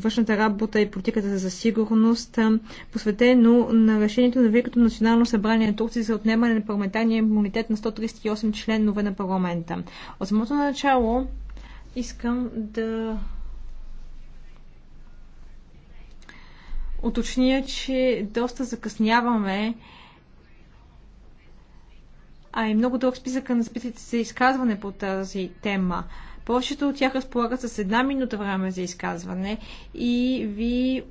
външната работа и политиката за сигурност, посветено на решението на Великото национално събрание на Турция за отнемане на парламентарния имунитет на 138 членове на парламента. От самото начало искам да уточня, че доста закъсняваме а и много дълг списъка на запитите за изказване по тази тема. Повечето от тях разполагат с една минута време за изказване и ви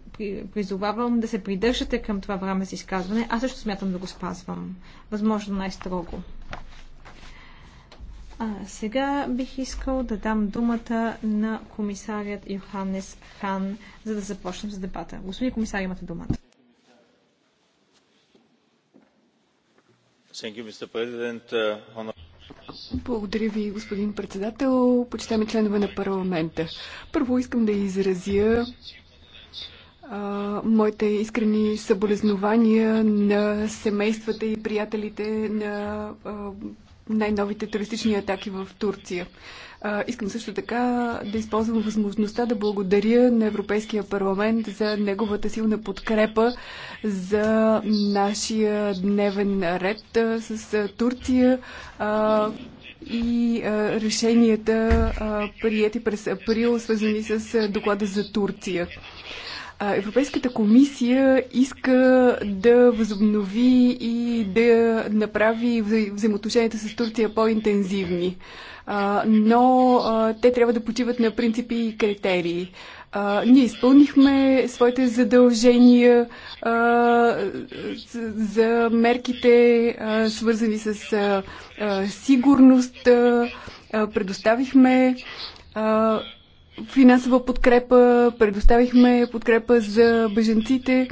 призовавам да се придържате към това време за изказване. Аз също смятам да го спазвам. Възможно най-строго. А, сега бих искал да дам думата на комисарият Йоханес Хан, за да започнем с дебата. Господин комисар, имате думата. Thank you, Mr. President. Uh, благодаря ви, господин председател, почитаме членове на парламента. Първо искам да изразя а, моите искрени съболезнования на семействата и приятелите на най-новите терористични атаки в Турция. А, искам също така да използвам възможността да благодаря на Европейския парламент за неговата силна подкрепа за нашия дневен ред а, с а, Турция а, и а, решенията, а, прияти през април, свързани с а, доклада за Турция. Европейската комисия иска да възобнови и да направи взаимоотношенията с Турция по-интензивни. Но те трябва да почиват на принципи и критерии. ние изпълнихме своите задължения за мерките, свързани с сигурност. предоставихме финансова подкрепа, предоставихме подкрепа за беженците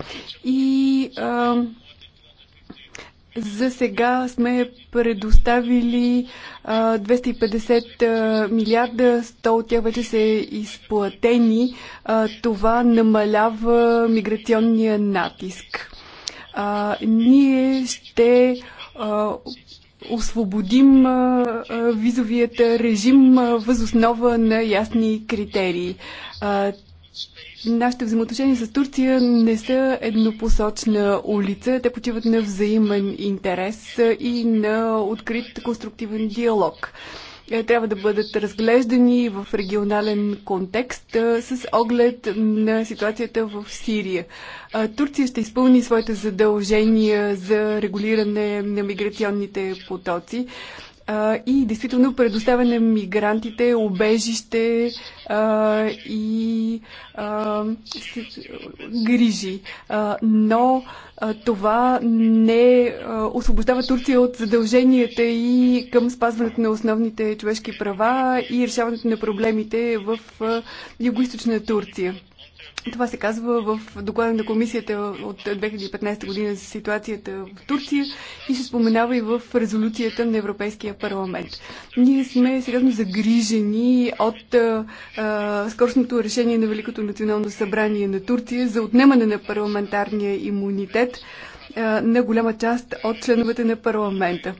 и а, за сега сме предоставили а, 250 милиарда, 100 от тях вече са изплатени. А, това намалява миграционния натиск. А, ние ще а, освободим визовият режим възоснова на ясни критерии. Нашите взаимоотношения с Турция не са еднопосочна улица. Те почиват на взаимен интерес и на открит конструктивен диалог. Е, трябва да бъдат разглеждани в регионален контекст с оглед на ситуацията в Сирия. Турция ще изпълни своите задължения за регулиране на миграционните потоци а, и действително предоставя на мигрантите обежище а, и а, грижи. А, но а, това не а, освобождава Турция от задълженията и към спазването на основните човешки права и решаването на проблемите в юго Турция. Това се казва в доклада на комисията от 2015 година за ситуацията в Турция и се споменава и в резолюцията на Европейския парламент. Ние сме сериозно загрижени от а, а, скоростното решение на Великото национално събрание на Турция за отнемане на парламентарния имунитет а, на голяма част от членовете на парламента.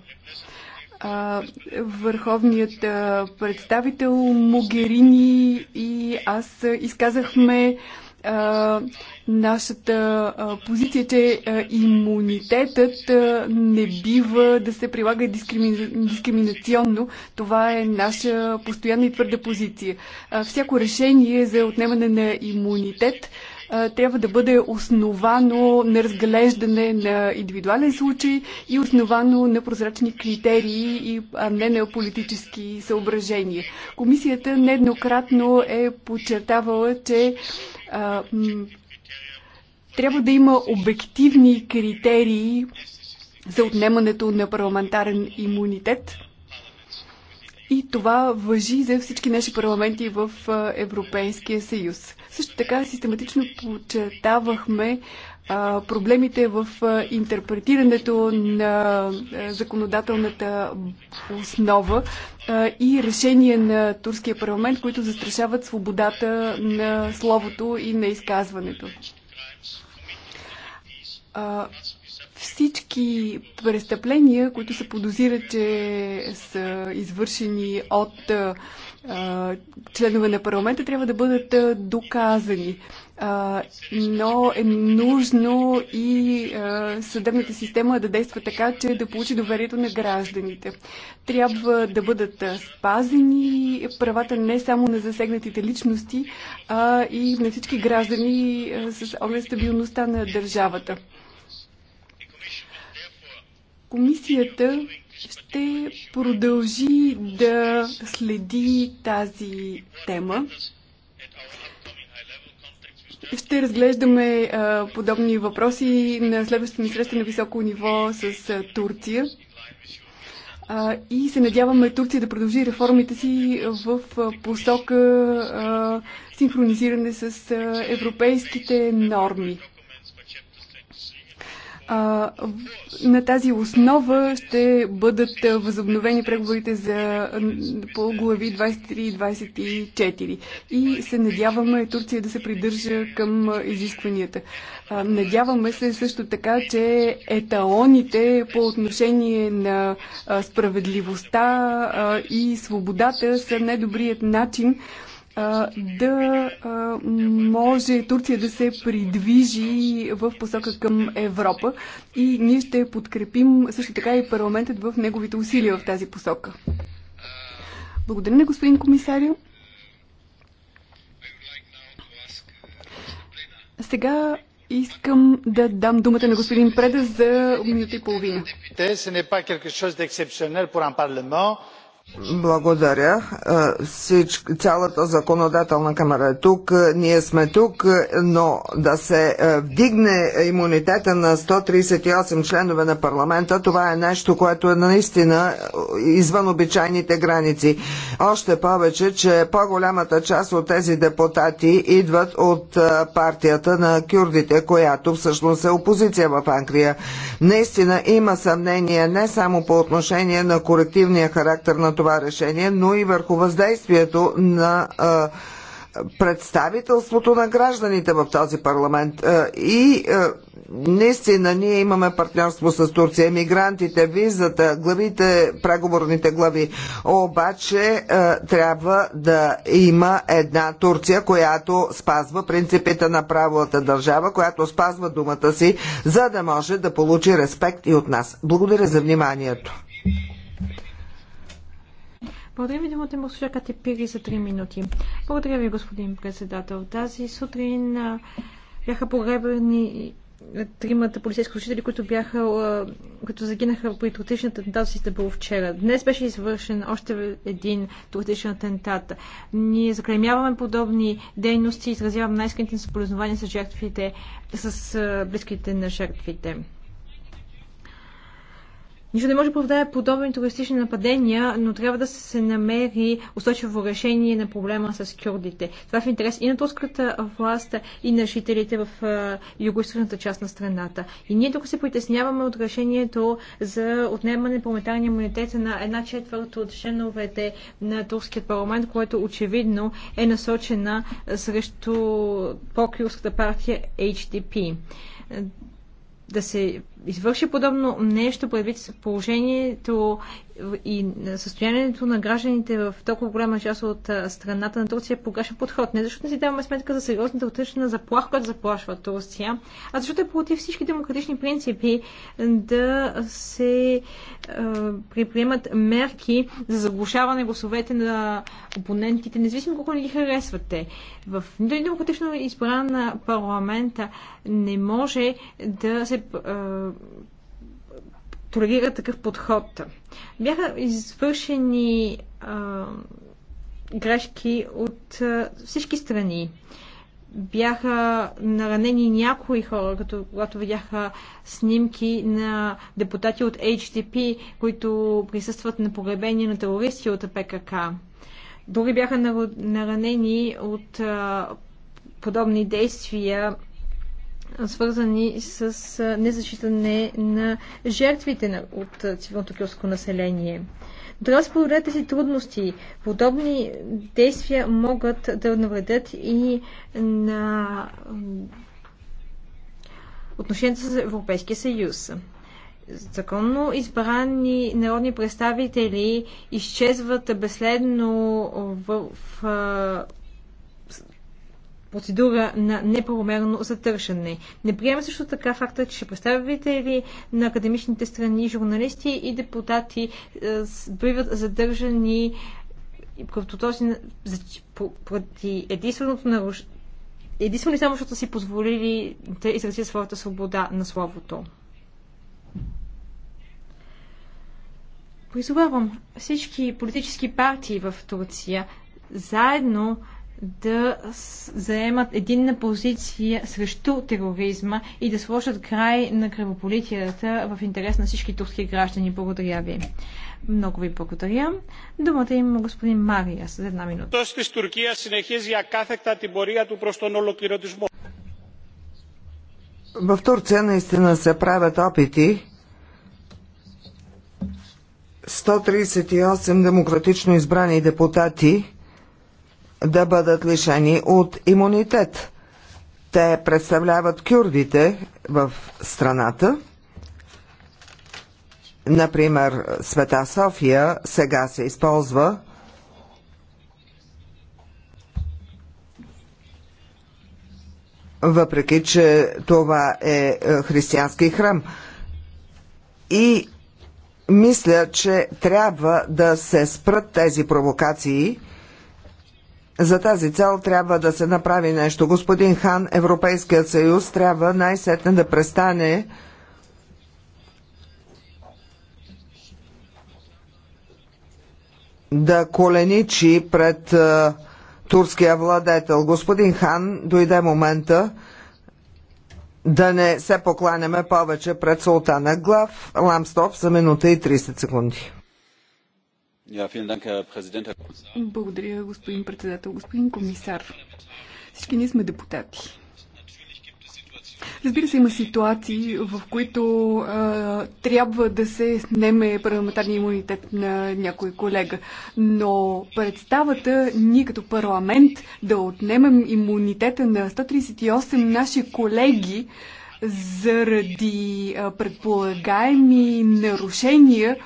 А, върховният а, представител Могерини и аз изказахме нашата позиция, е, че имунитетът не бива да се прилага дискрими... дискриминационно. Това е наша постоянна и твърда позиция. всяко решение за отнемане на имунитет трябва да бъде основано на разглеждане на индивидуален случай и основано на прозрачни критерии, а не на политически съображения. Комисията нееднократно е подчертавала, че трябва да има обективни критерии за отнемането на парламентарен имунитет. И това въжи за всички наши парламенти в Европейския съюз. Също така систематично подчертавахме проблемите в интерпретирането на законодателната основа и решения на турския парламент, които застрашават свободата на словото и на изказването всички престъпления, които се подозират, че са извършени от а, членове на парламента, трябва да бъдат доказани. А, но е нужно и а, съдебната система да действа така, че да получи доверието на гражданите. Трябва да бъдат спазени правата не само на засегнатите личности, а и на всички граждани с оглед стабилността на държавата. Комисията ще продължи да следи тази тема. Ще разглеждаме а, подобни въпроси на следващата ни среща на високо ниво с а, Турция. А, и се надяваме Турция да продължи реформите си в а, посока а, синхронизиране с а, европейските норми. А, на тази основа ще бъдат възобновени преговорите за по глави 23 и 24. И се надяваме Турция да се придържа към изискванията. А, надяваме се също така, че еталоните по отношение на справедливостта и свободата са най-добрият начин да може Турция да се придвижи в посока към Европа и ние ще подкрепим също така и парламентът в неговите усилия в тази посока. Благодаря на господин комисарио. Сега искам да дам думата на господин Преда за минута и половина. Те, не е pas quelque chose d'exceptionnel pour благодаря. Всич, цялата законодателна камера е тук, ние сме тук, но да се вдигне имунитета на 138 членове на парламента, това е нещо, което е наистина извън обичайните граници. Още повече, че по-голямата част от тези депутати идват от партията на кюрдите, която всъщност е опозиция в Англия. Наистина има съмнение не само по отношение на корективния характер на това решение, но и върху въздействието на представителството на гражданите в този парламент. И наистина ние имаме партньорство с Турция, мигрантите, визата, главите, преговорните глави. Обаче трябва да има една Турция, която спазва принципите на правилата държава, която спазва думата си, за да може да получи респект и от нас. Благодаря за вниманието. Благодаря ви, думата му слушакате пири за 3 минути. Благодаря ви, господин председател. Тази сутрин бяха погребени тримата полицейски служители, които бяха, които загинаха при тротичен атентат си сте вчера. Днес беше извършен още един тротичен атентат. Ние заклемяваме подобни дейности и изразявам най скрените съболезнования с жертвите, с близките на жертвите. Нищо не може да оправдае подобни туристични нападения, но трябва да се намери устойчиво решение на проблема с кюрдите. Това е в интерес и на турската власт, и на жителите в юго част на страната. И ние тук се притесняваме от решението за отнемане на парламентарния имунитет на една четвърт от членовете на турският парламент, което очевидно е насочена срещу по-кюрската партия HDP. Да се извърши подобно нещо, предвид положението и състоянието на гражданите в толкова голяма част от страната на Турция погашен подход. Не защото не си даваме сметка за сериозната отлична заплаха, която заплашва Турция, а защото е против всички демократични принципи да се е, приприемат мерки за заглушаване гласовете на опонентите, независимо колко не ги харесвате. В демократично избран на парламента не може да се е, толерира такъв подход. Бяха извършени а, грешки от а, всички страни. Бяха наранени някои хора, като, когато видяха снимки на депутати от HDP, които присъстват на погребение на терористи от ПКК. Други бяха наранени от а, подобни действия свързани с незачитане на жертвите от цивилното кюрско население. Трябва да споделят тези трудности. Подобни действия могат да навредят и на отношенията с Европейския съюз. Законно избрани народни представители изчезват безследно в, в, процедура на неправомерно затършане. Не приема също така факта, че представители на академичните страни, журналисти и депутати е, биват задържани поради единственото нарушение единствено само защото си позволили да изразят своята свобода на словото. Призовавам всички политически партии в Турция заедно да заемат единна позиция срещу тероризма и да сложат край на кръвополитията в интерес на всички турски граждани. Благодаря ви. Много ви благодаря. Думата има господин Мария за една минута. Тос της Туркίας συνεχίζει ακάθεκτα την πορεία του προς τον ολοκληρωτισμό. В Турция наистина се правят опити 138 демократично избрани депутати да бъдат лишени от имунитет. Те представляват кюрдите в страната. Например, Света София сега се използва въпреки, че това е, е християнски храм. И мисля, че трябва да се спрат тези провокации – за тази цел трябва да се направи нещо. Господин Хан, Европейският съюз трябва най-сетне да престане да коленичи пред а, турския владетел. Господин Хан, дойде момента да не се покланяме повече пред султана Глав. Ламстоп за минута и 30 секунди. Благодаря, господин председател, господин комисар. Всички ние сме депутати. Разбира се, има ситуации, в които а, трябва да се снеме парламентарния имунитет на някой колега. Но представата ние като парламент да отнемем имунитета на 138 наши колеги заради а, предполагаеми нарушения,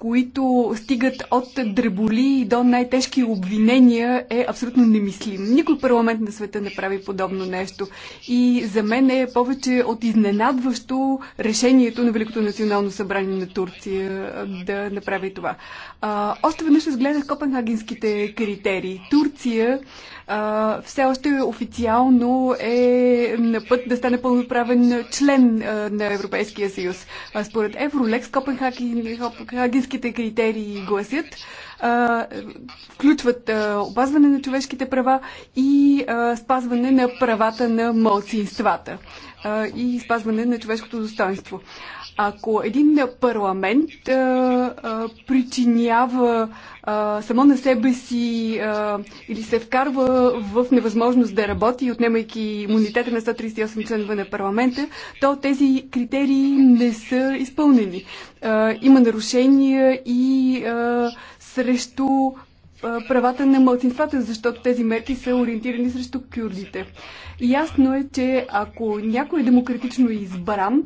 които стигат от дреболи до най-тежки обвинения, е абсолютно немислим. Никой парламент на света не прави подобно нещо. И за мен е повече от изненадващо решението на Великото национално събрание на Турция да направи това. А, още веднъж изгледах копенхагенските критерии. Турция а, все още официално е на път да стане пълноправен член а, на Европейския съюз. А, според Евролекс, Копенхагенските критерии гласят, а, включват а, опазване на човешките права и а, спазване на правата на малцинствата а, и спазване на човешкото достоинство. Ако един парламент а, а, причинява а, само на себе си а, или се вкарва в невъзможност да работи, отнемайки имунитета на 138 членове на парламента, то тези критерии не са изпълнени. А, има нарушения и а, срещу правата на мълцинствата, защото тези мерки са ориентирани срещу кюрдите. Ясно е, че ако някой е демократично избран,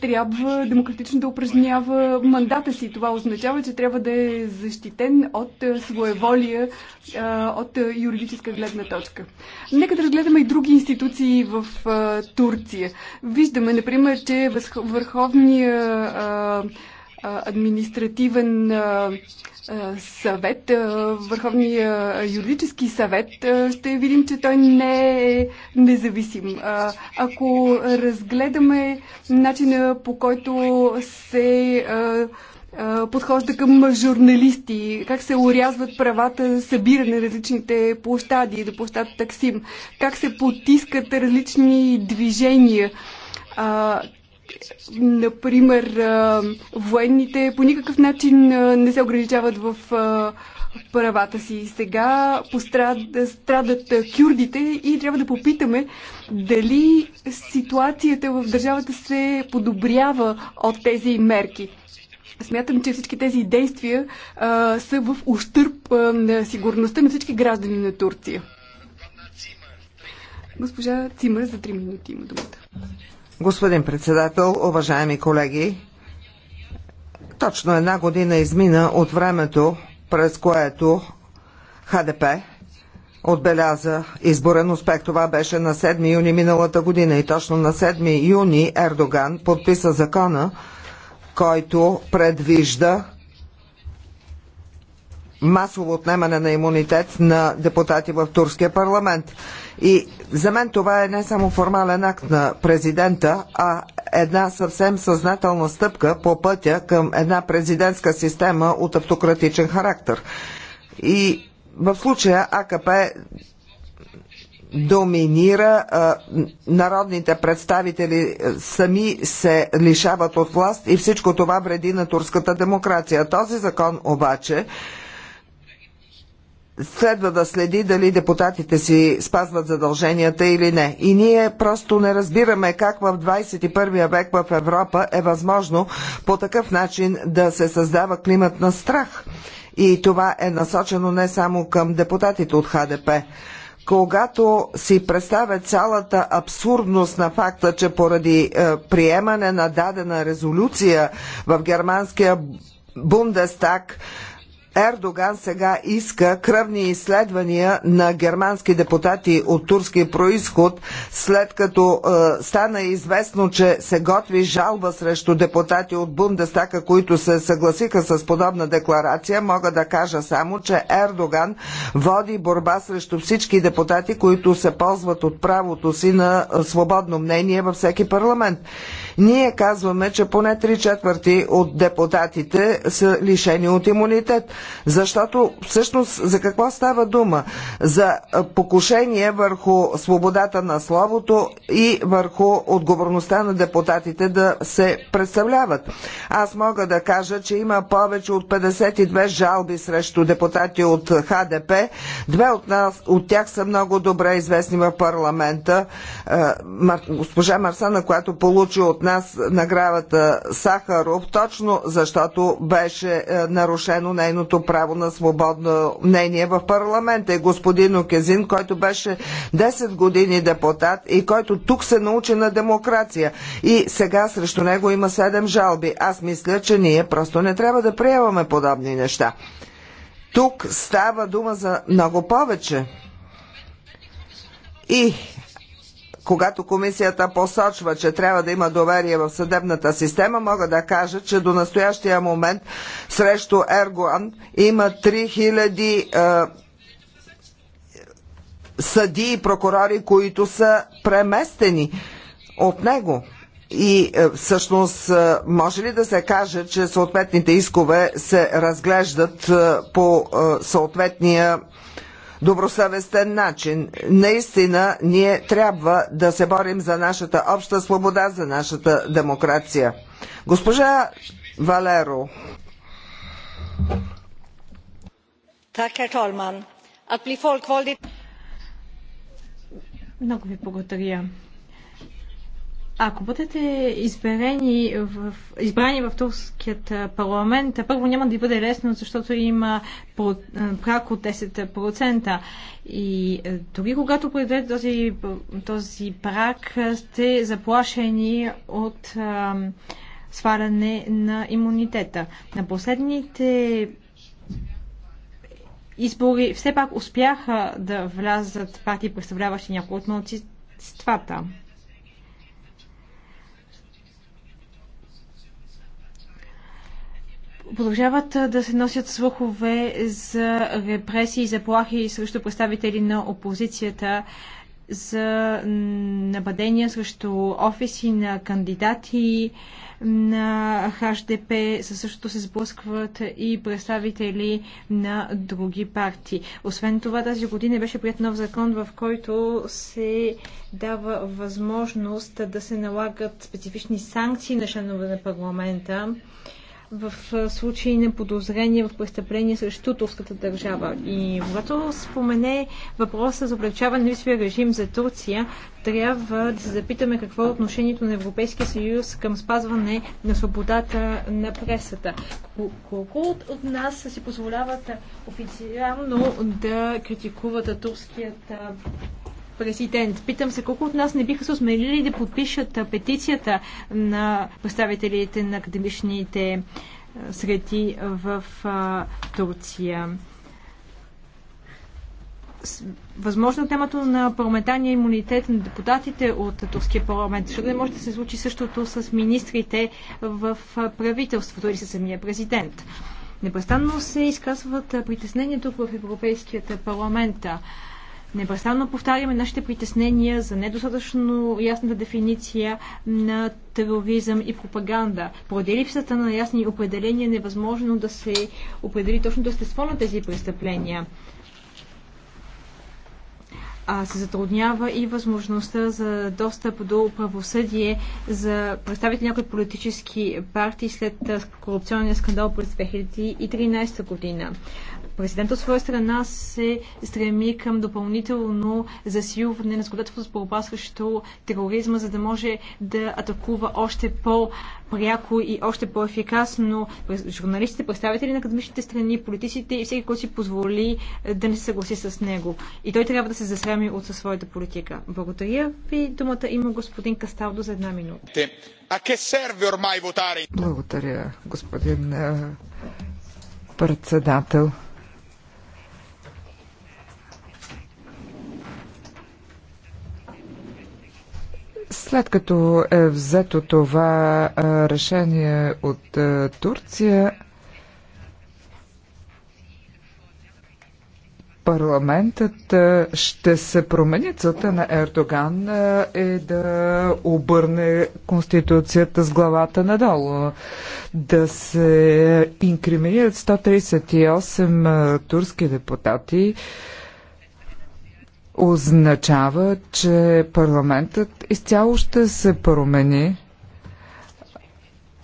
трябва демократично да упражнява мандата си. Това означава, че трябва да е защитен от своеволия от юридическа гледна точка. Нека да разгледаме и други институции в Турция. Виждаме, например, че Върховния административен съвет, Върховния юридически съвет, ще видим, че той не е независим. Ако разгледаме начина по който се подхожда към журналисти, как се урязват правата, събиране на различните площади, да площад Таксим, как се потискат различни движения, Например, военните по никакъв начин не се ограничават в правата си. Сега пострадат, страдат кюрдите и трябва да попитаме дали ситуацията в държавата се подобрява от тези мерки. Смятам, че всички тези действия а, са в ущърп а, на сигурността на всички граждани на Турция. Госпожа Цимър за 3 минути има думата. Господин председател, уважаеми колеги, точно една година измина от времето, през което ХДП отбеляза изборен успех. Това беше на 7 юни миналата година и точно на 7 юни Ердоган подписа закона, който предвижда масово отнемане на имунитет на депутати в турския парламент. И за мен това е не само формален акт на президента, а една съвсем съзнателна стъпка по пътя към една президентска система от автократичен характер. И в случая АКП доминира, народните представители сами се лишават от власт и всичко това вреди на турската демокрация. Този закон обаче следва да следи дали депутатите си спазват задълженията или не. И ние просто не разбираме как в 21 век в Европа е възможно по такъв начин да се създава климат на страх. И това е насочено не само към депутатите от ХДП когато си представя цялата абсурдност на факта, че поради е, приемане на дадена резолюция в германския Бундестаг Ердоган сега иска кръвни изследвания на германски депутати от турски происход, след като е, стана известно, че се готви жалба срещу депутати от Бундестака, които се съгласиха с подобна декларация, мога да кажа само, че Ердоган води борба срещу всички депутати, които се ползват от правото си на е, свободно мнение във всеки парламент. Ние казваме, че поне три четвърти от депутатите са лишени от имунитет, защото всъщност за какво става дума? За покушение върху свободата на словото и върху отговорността на депутатите да се представляват. Аз мога да кажа, че има повече от 52 жалби срещу депутати от ХДП. Две от, нас, от тях са много добре известни в парламента. Госпожа Марсана, която получи от нас наградата Сахаров, точно защото беше е, нарушено нейното право на свободно мнение в парламента. И господин Окезин, който беше 10 години депутат и който тук се научи на демокрация. И сега срещу него има 7 жалби. Аз мисля, че ние просто не трябва да приемаме подобни неща. Тук става дума за много повече. И когато комисията посочва, че трябва да има доверие в съдебната система, мога да кажа, че до настоящия момент срещу Ергоан има 3000 е, съди и прокурори, които са преместени от него. И е, всъщност е, може ли да се каже, че съответните искове се разглеждат е, по съответния добросъвестен начин. Наистина, ние трябва да се борим за нашата обща свобода, за нашата демокрация. Госпожа Валеро. Много ви благодаря. Ако бъдете изберени в, избрани в турският парламент, първо няма да ви бъде лесно, защото има прак от 10%. И дори когато предадете този, този прак, сте заплашени от а, сваляне на имунитета. На последните избори все пак успяха да влязат партии, представляващи някои от младсинствата. продължават да се носят слухове за репресии и заплахи срещу представители на опозицията, за нападения срещу офиси на кандидати на ХДП, със същото се сблъскват и представители на други партии. Освен това, тази година беше прият нов закон, в който се дава възможност да се налагат специфични санкции на членове на парламента в случаи на подозрение в престъпление срещу турската държава. И когато спомене въпроса за облегчаване на висвия режим за Турция, трябва да се запитаме какво е отношението на Европейския съюз към спазване на свободата на пресата. Колко от нас си позволяват официално да критикуват турският президент. Питам се колко от нас не биха се осмелили да подпишат петицията на представителите на академичните среди в Турция възможно темата на парламентарния имунитет на депутатите от турския парламент, защото не може да се случи същото с министрите в правителството или с самия президент. Непрестанно се изказват притеснения тук в Европейският парламент. Непрестанно повтаряме нашите притеснения за недостатъчно ясната дефиниция на тероризъм и пропаганда. Поради липсата на ясни определения е невъзможно да се определи да естество на тези престъпления а се затруднява и възможността за достъп до правосъдие за представители някои политически партии след корупционния скандал през 2013 година. Президентът от своя страна се стреми към допълнително засилване на законодателството с борба срещу тероризма, за да може да атакува още по-пряко и още по-ефикасно журналистите, представители на академичните страни, политиците и всеки, който си позволи е, да не се съгласи с него. И той трябва да се засрами от със своята политика. Благодаря ви. Думата има господин Касталдо за една минута. Благодаря, господин е, председател. След като е взето това е, решение от е, Турция, парламентът е, ще се промени. Целта на Ердоган е да обърне конституцията с главата надолу, да се инкриминират 138 турски депутати, означава, че парламентът изцяло ще се промени.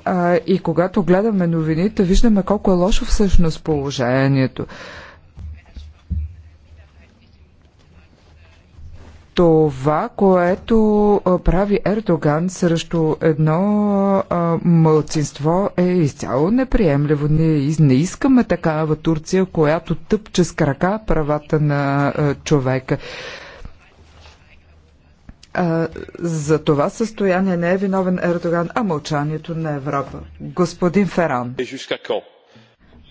А, и когато гледаме новините, виждаме колко е лошо всъщност положението. това, което прави Ердоган срещу едно а, мълцинство е изцяло неприемливо. Ние не искаме такава Турция, която тъпче с крака правата на а, човека. А, за това състояние не е виновен Ердоган, а мълчанието на Европа. Господин Феран. Е,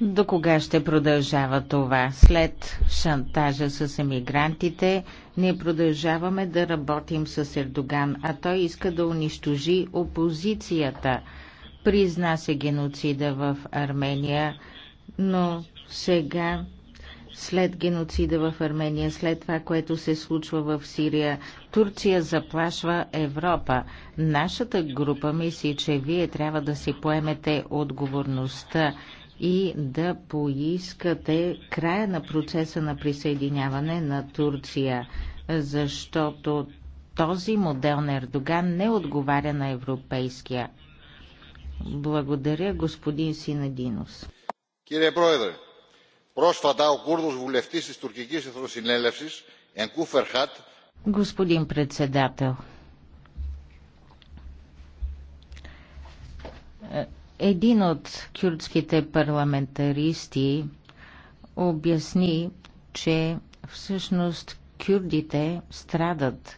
до кога ще продължава това? След шантажа с емигрантите, ние продължаваме да работим с Ердоган, а той иска да унищожи опозицията. Призна се геноцида в Армения, но сега, след геноцида в Армения, след това, което се случва в Сирия, Турция заплашва Европа. Нашата група мисли, че вие трябва да си поемете отговорността и да поискате края на процеса на присъединяване на Турция, защото този модел на Ердоган не отговаря на европейския. Благодаря, господин Синединус. Кире Пройдре, πρόσφατα ο Κούρδος βουλευτής της τουρκικής εθνοσυνέλευσης, Ενκού Φερχάτ... Господин председател, един от кюрдските парламентаристи обясни, че всъщност кюрдите страдат.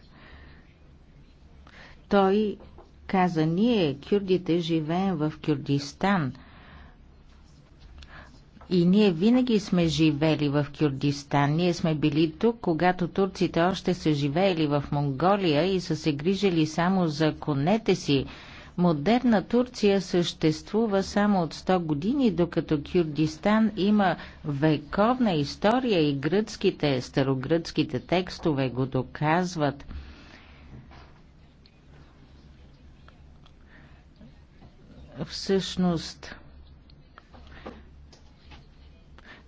Той каза, ние, кюрдите, живеем в Кюрдистан. И ние винаги сме живели в Кюрдистан. Ние сме били тук, когато турците още са живеели в Монголия и са се грижили само за конете си. Модерна Турция съществува само от 100 години, докато Кюрдистан има вековна история и гръцките, старогръцките текстове го доказват. Всъщност,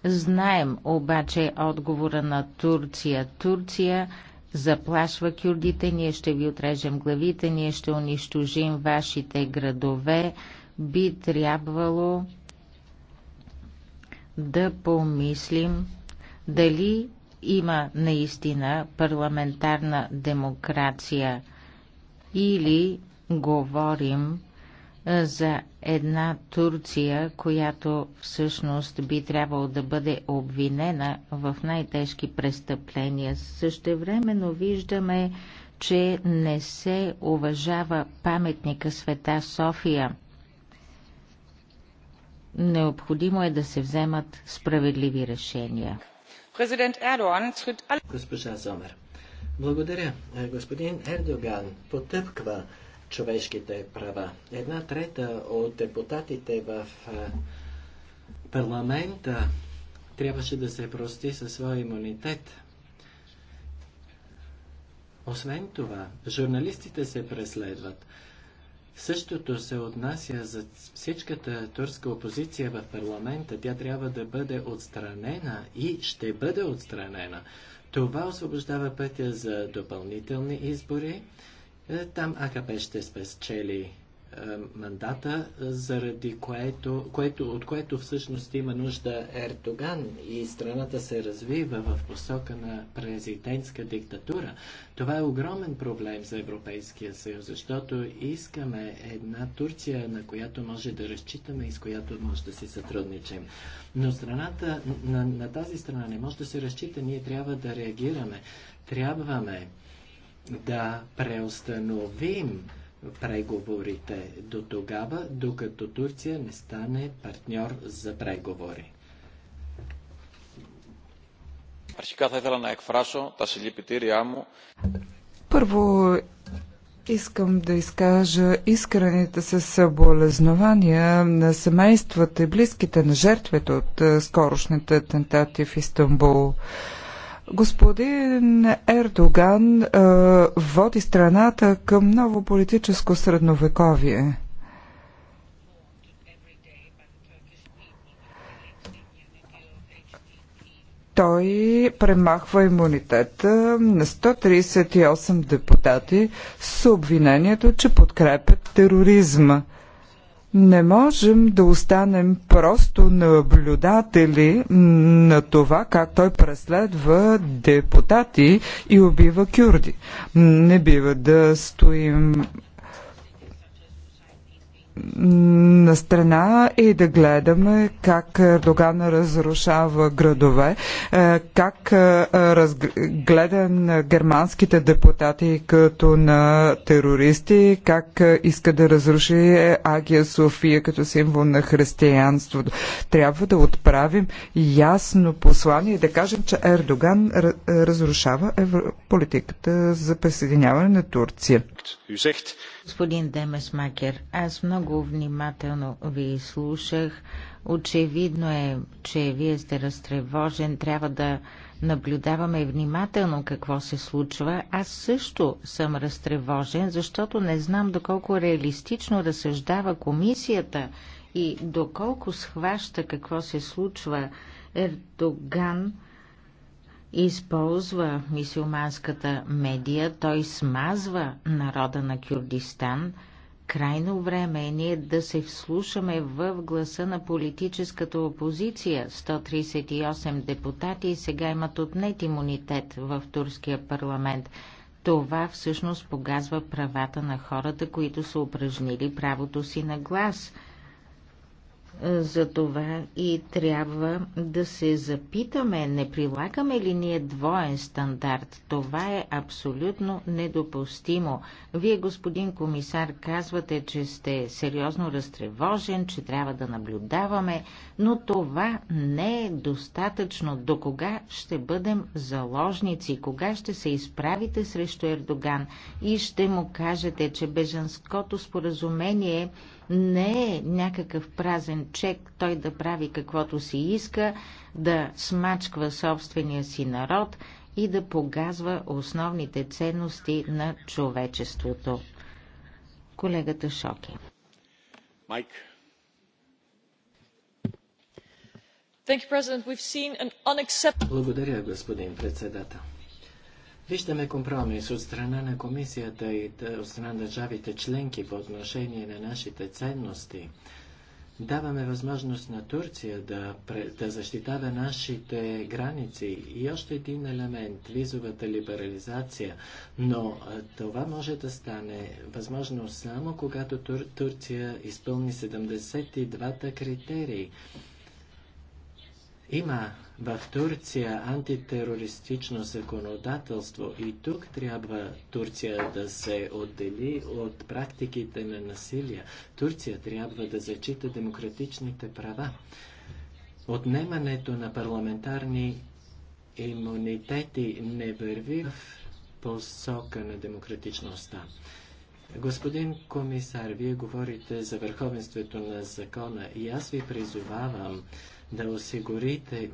знаем обаче отговора на Турция. Турция заплашва кюрдите, ние ще ви отрежем главите, ние ще унищожим вашите градове, би трябвало да помислим дали има наистина парламентарна демокрация или говорим за една Турция, която всъщност би трябвало да бъде обвинена в най-тежки престъпления. Същевременно виждаме, че не се уважава паметника Света София. Необходимо е да се вземат справедливи решения. Президент Ердоган Госпожа Зомер, благодаря. Господин Ердоган потъпква човешките права. Една трета от депутатите в парламента трябваше да се прости със своя имунитет. Освен това, журналистите се преследват. Същото се отнася за всичката турска опозиция в парламента. Тя трябва да бъде отстранена и ще бъде отстранена. Това освобождава пътя за допълнителни избори е, там АКП ще спечели е, мандата, заради което, което, от което всъщност има нужда Ердоган и страната се развива в посока на президентска диктатура. Това е огромен проблем за Европейския съюз, защото искаме една Турция, на която може да разчитаме и с която може да си сътрудничим. Но страната, на, на тази страна не може да се разчита, ние трябва да реагираме. Трябваме да преустановим преговорите до тогава, докато Турция не стане партньор за преговори. Първо искам да изкажа искрените се съболезнования на семействата и близките на жертвите от скорошните атентати в Истанбул. Господин Ердоган е, води страната към ново политическо средновековие. той премахва имунитета на 138 депутати с обвинението, че подкрепят тероризма. Не можем да останем просто наблюдатели на това как той преследва депутати и убива кюрди. Не бива да стоим на страна и да гледаме как Ердоган разрушава градове, е, как е, разгледа на германските депутати като на терористи, как е, иска да разруши Агия София като символ на християнството. Трябва да отправим ясно послание и да кажем, че Ердоган разрушава политиката за присъединяване на Турция. Господин Демес Макер, аз много внимателно ви слушах. Очевидно е, че вие сте разтревожен. Трябва да наблюдаваме внимателно какво се случва. Аз също съм разтревожен, защото не знам доколко реалистично разсъждава комисията и доколко схваща какво се случва. Ердоган използва мисюлманската медия, той смазва народа на Кюрдистан. Крайно време е ние да се вслушаме в гласа на политическата опозиция. 138 депутати сега имат отнет имунитет в турския парламент. Това всъщност погазва правата на хората, които са упражнили правото си на глас – за това и трябва да се запитаме, не прилагаме ли ние двоен стандарт. Това е абсолютно недопустимо. Вие, господин комисар, казвате, че сте сериозно разтревожен, че трябва да наблюдаваме, но това не е достатъчно. До кога ще бъдем заложници? Кога ще се изправите срещу Ердоган и ще му кажете, че беженското споразумение е не е някакъв празен чек той да прави каквото си иска, да смачква собствения си народ и да погазва основните ценности на човечеството. Колегата Шоки. Майк. Благодаря, господин председател. Виждаме компромис от страна на комисията и от страна на държавите членки по отношение на нашите ценности. Даваме възможност на Турция да, да защитава нашите граници и още един елемент визовата либерализация. Но това може да стане възможно само когато Тур, Турция изпълни 72-та критерии. Има в Турция антитерористично законодателство и тук трябва Турция да се отдели от практиките на насилие. Турция трябва да зачита демократичните права. Отнемането на парламентарни имунитети не върви в посока на демократичността. Господин комисар, вие говорите за върховенството на закона и аз ви призовавам да осигурите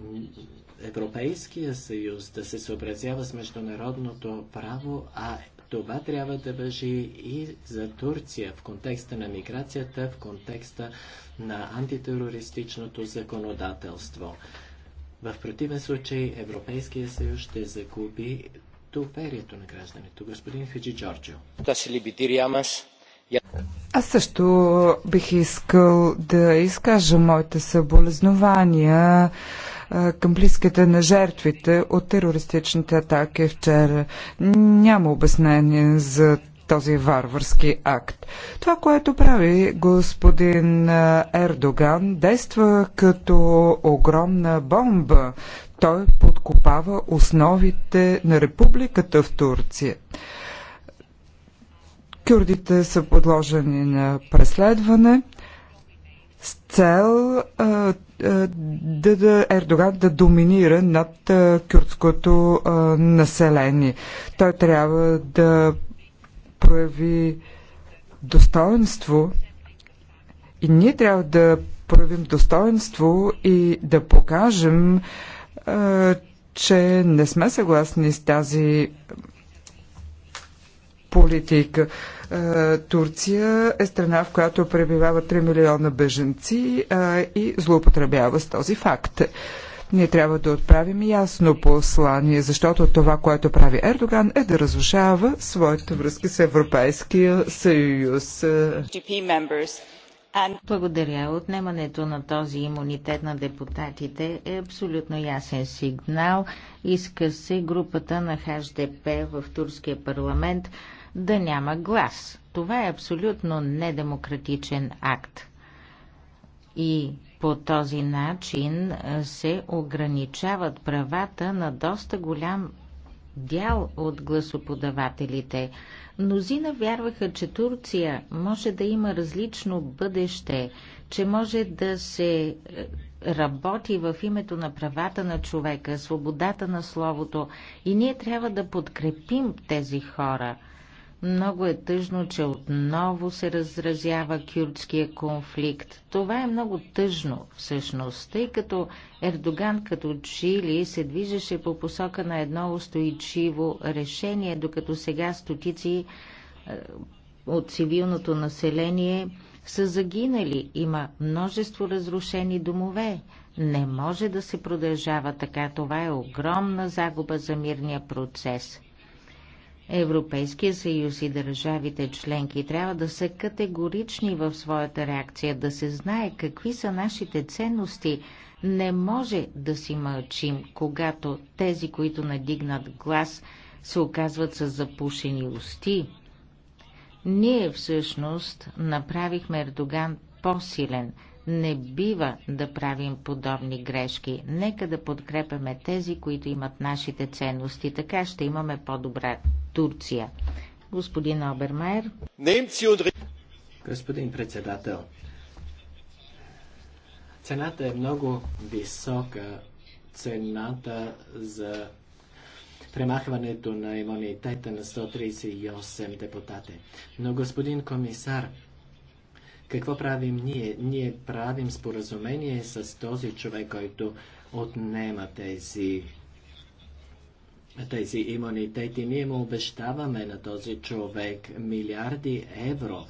Европейския съюз да се съобразява с международното право, а това трябва да въжи и за Турция в контекста на миграцията, в контекста на антитерористичното законодателство. В противен случай Европейския съюз ще загуби доверието на гражданите. Господин Хаджи Джорджо. Да се аз също бих искал да изкажа моите съболезнования към близките на жертвите от терористичните атаки вчера. Няма обяснение за този варварски акт. Това, което прави господин Ердоган, действа като огромна бомба. Той подкопава основите на републиката в Турция. Кюрдите са подложени на преследване с цел да, да, Ердоган да доминира над кюрдското население. Той трябва да прояви достоинство и ние трябва да проявим достоинство и да покажем, че не сме съгласни с тази политика. Е, Турция е страна, в която пребивава 3 милиона беженци е, и злоупотребява с този факт. Ние трябва да отправим ясно послание, защото това, което прави Ердоган е да разрушава своите връзки с Европейския съюз. Благодаря. Отнемането на този имунитет на депутатите е абсолютно ясен сигнал. Иска се групата на ХДП в турския парламент да няма глас. Това е абсолютно недемократичен акт. И по този начин е, се ограничават правата на доста голям дял от гласоподавателите. Мнозина вярваха, че Турция може да има различно бъдеще, че може да се е, работи в името на правата на човека, свободата на словото и ние трябва да подкрепим тези хора – много е тъжно, че отново се разразява кюрдския конфликт. Това е много тъжно, всъщност, тъй като Ердоган като Чили се движеше по посока на едно устойчиво решение, докато сега стотици е, от цивилното население са загинали. Има множество разрушени домове. Не може да се продължава така. Това е огромна загуба за мирния процес. Европейския съюз и държавите членки трябва да са категорични в своята реакция, да се знае какви са нашите ценности. Не може да си мълчим, когато тези, които надигнат глас, се оказват с запушени усти. Ние всъщност направихме Ердоган по-силен – не бива да правим подобни грешки. Нека да подкрепяме тези, които имат нашите ценности. Така ще имаме по-добра Турция. Господин Обермайер. Господин председател, цената е много висока. Цената за премахването на имунитета на 138 депутати. Но, господин комисар, какво правим ние? Ние правим споразумение с този човек, който отнема тези тези имунитети. Ние му обещаваме на този човек милиарди евро.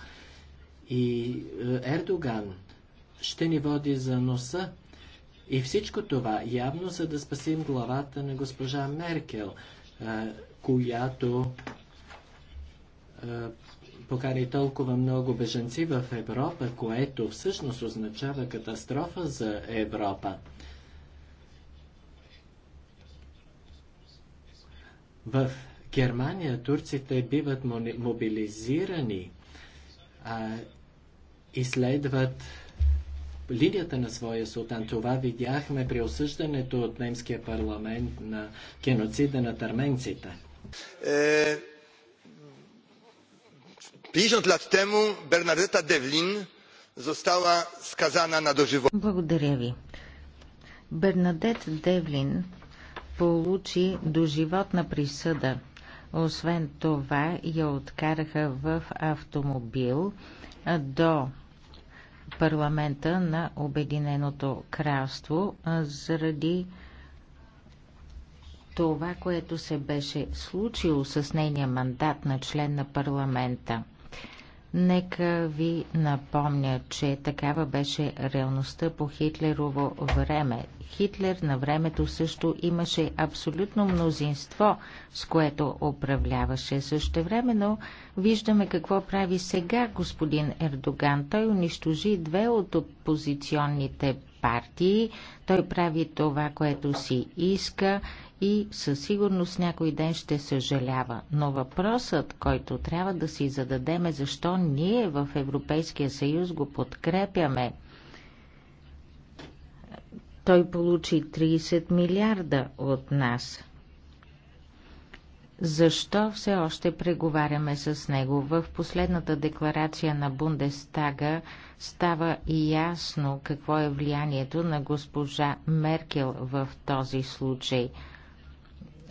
И е, Ердоган ще ни води за носа. И всичко това явно за да спасим главата на госпожа Меркел, е, която е, покари толкова много беженци в Европа, което всъщност означава катастрофа за Европа. В Германия турците биват мобилизирани а, и следват линията на своя султан. Това видяхме при осъждането от немския парламент на геноцида на арменците. Е, пятьдесят лет тому bernadetta Девлин została skazana na dożywocie. Благодаря ви. Бернадет Девлин получи доживотна присъда. Освен това я откараха в автомобил до парламента на Обединеното кралство заради това, което се беше случило с нейния мандат на член на парламента. Нека ви напомня, че такава беше реалността по Хитлерово време. Хитлер на времето също имаше абсолютно мнозинство, с което управляваше също време, но виждаме какво прави сега господин Ердоган. Той унищожи две от опозиционните партии. Той прави това, което си иска и със сигурност някой ден ще съжалява. Но въпросът, който трябва да си зададем е защо ние в Европейския съюз го подкрепяме. Той получи 30 милиарда от нас. Защо все още преговаряме с него? В последната декларация на Бундестага става ясно какво е влиянието на госпожа Меркел в този случай –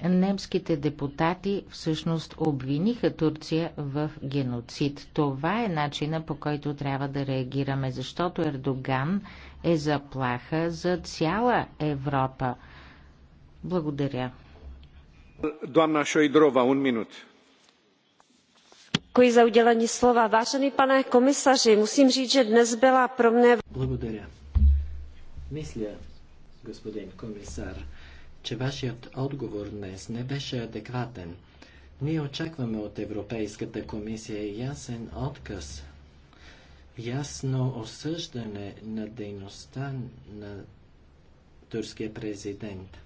Немските депутати всъщност обвиниха Турция в геноцид. Това е начина по който трябва да реагираме, защото Ердоган е заплаха за цяла Европа. Благодаря. Doamna Шойдрова, un минут. Děkuji za udělení slova. Vážený pane komisaři, musím říct, že dnes byla pro mne... Благодаря. Мисля, господин комисар, че вашият отговор днес не беше адекватен. Ние очакваме от Европейската комисия ясен отказ, ясно осъждане на дейността на турския президент.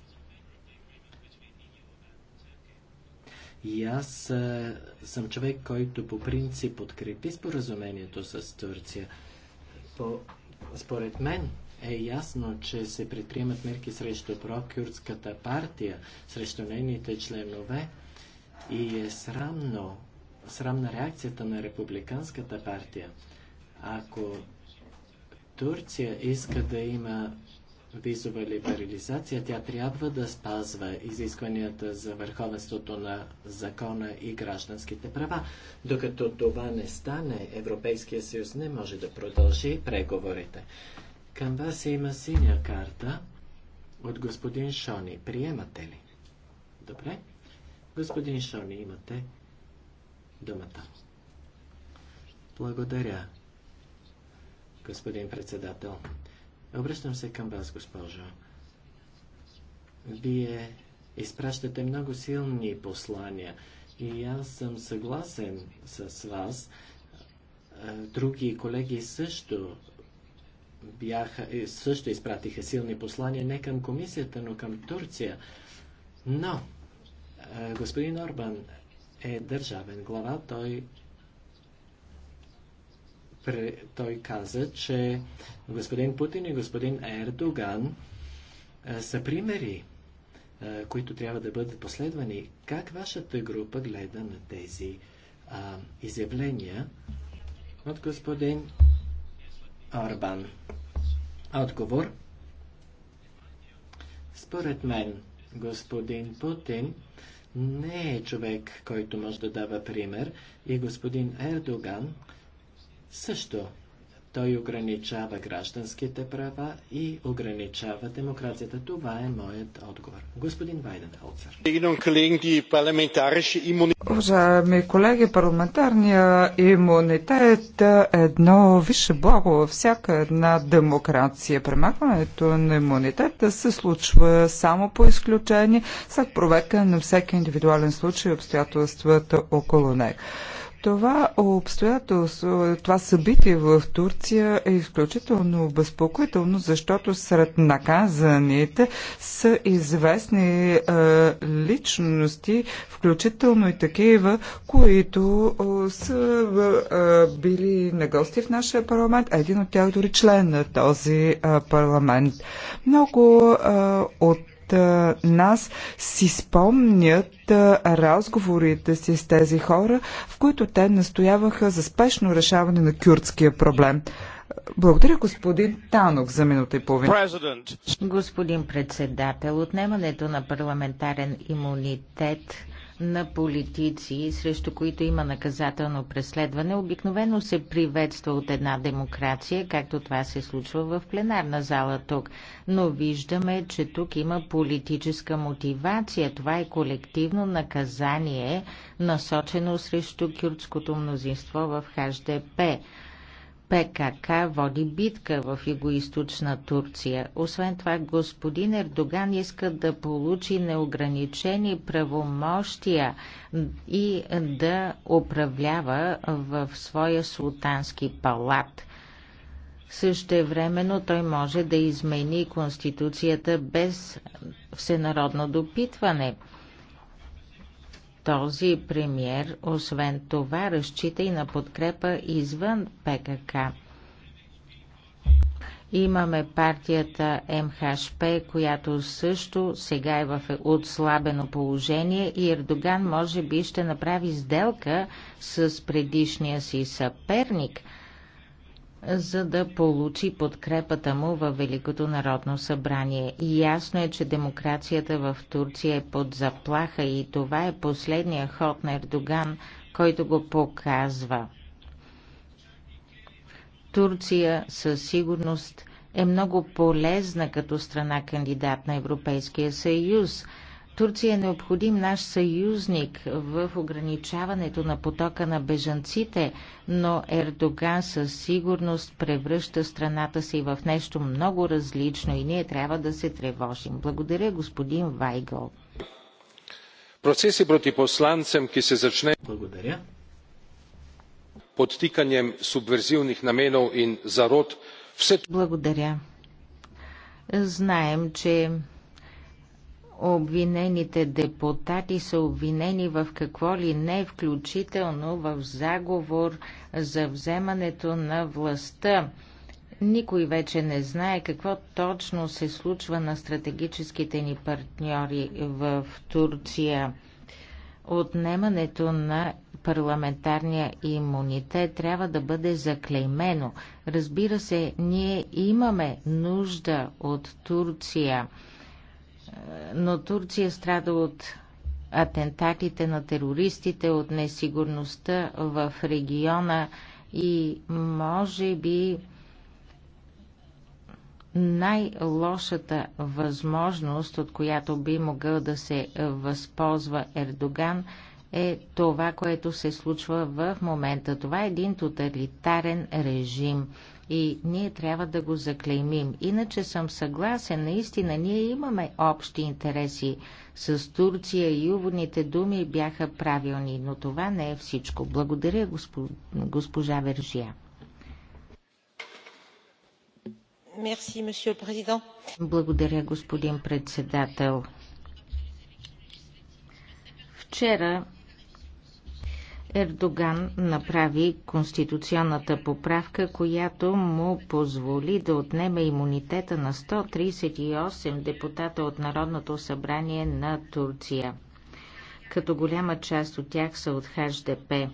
И аз а, съм човек, който по принцип подкрепи споразумението с Турция. По, според мен, е ясно, че се предприемат мерки срещу прокюрдската партия, срещу нейните членове и е срамно, срамна реакцията на републиканската партия. Ако Турция иска да има визова либерализация, тя трябва да спазва изискванията за върховенството на закона и гражданските права. Докато това не стане, Европейския съюз не може да продължи преговорите. Към вас има синя карта от господин Шони. Приемате ли? Добре. Господин Шони, имате думата. Благодаря, господин председател. Обръщам се към вас, госпожо. Вие изпращате много силни послания и аз съм съгласен с вас. Други колеги също бяха, е, също изпратиха силни послания не към комисията, но към Турция. Но е, господин Орбан е държавен глава. Той, той каза, че господин Путин и господин Ердоган е, са примери, които трябва да бъдат последвани. Как вашата група гледа на тези а, изявления от господин Орбан? Отговор. Според мен, господин Путин не е човек, който може да дава пример и господин Ердоган също той ограничава гражданските права и ограничава демокрацията. Това е моят отговор. Господин Вайденхолцер. Уважаеми колеги, парламентарния имунитет е едно висше благо във всяка една демокрация. Премахването на имунитета се случва само по изключение, след проверка на всеки индивидуален случай и обстоятелствата около него. Това обстоятелство, това събитие в Турция е изключително безпокоително, защото сред наказаните са известни е, личности, включително и такива, които е, са е, били на гости в нашия парламент, а един от тях е дори член на този е, парламент. Много е, от нас си спомнят разговорите си с тези хора, в които те настояваха за спешно решаване на кюртския проблем. Благодаря, господин Танок, за минута и половина. Господин председател, отнемането на парламентарен имунитет на политици, срещу които има наказателно преследване, обикновено се приветства от една демокрация, както това се случва в пленарна зала тук. Но виждаме, че тук има политическа мотивация. Това е колективно наказание, насочено срещу кюртското мнозинство в ХДП. ПКК води битка в югоизточна Турция. Освен това, господин Ердоган иска да получи неограничени правомощия и да управлява в своя султански палат. Същевременно той може да измени конституцията без всенародно допитване – този премьер, освен това, разчита и на подкрепа извън ПКК. Имаме партията МХП, която също сега е в отслабено положение и Ердоган може би ще направи сделка с предишния си съперник – за да получи подкрепата му във Великото народно събрание. И Ясно е, че демокрацията в Турция е под заплаха и това е последния ход на Ердоган, който го показва. Турция със сигурност е много полезна като страна кандидат на Европейския съюз – Турция е необходим наш съюзник в ограничаването на потока на бежанците, но Ердоган със сигурност превръща страната си в нещо много различно и ние трябва да се тревожим. Благодаря, господин Вайгъл. Процеси против посланцем, ки се зачне... Благодаря. Подтиканием субверзивних наменов и зарод... Все... Благодаря. Знаем, че Обвинените депутати са обвинени в какво ли не, включително в заговор за вземането на властта. Никой вече не знае какво точно се случва на стратегическите ни партньори в Турция. Отнемането на парламентарния имунитет трябва да бъде заклеймено. Разбира се, ние имаме нужда от Турция но Турция страда от атентатите на терористите, от несигурността в региона и може би най-лошата възможност, от която би могъл да се възползва Ердоган, е това, което се случва в момента. Това е един тоталитарен режим и ние трябва да го заклеймим. Иначе съм съгласен, наистина ние имаме общи интереси с Турция и уводните думи бяха правилни, но това не е всичко. Благодаря, госпожа Вержия. Merci, Благодаря, господин председател. Вчера Ердоган направи конституционната поправка, която му позволи да отнеме имунитета на 138 депутата от Народното събрание на Турция, като голяма част от тях са от ХДП.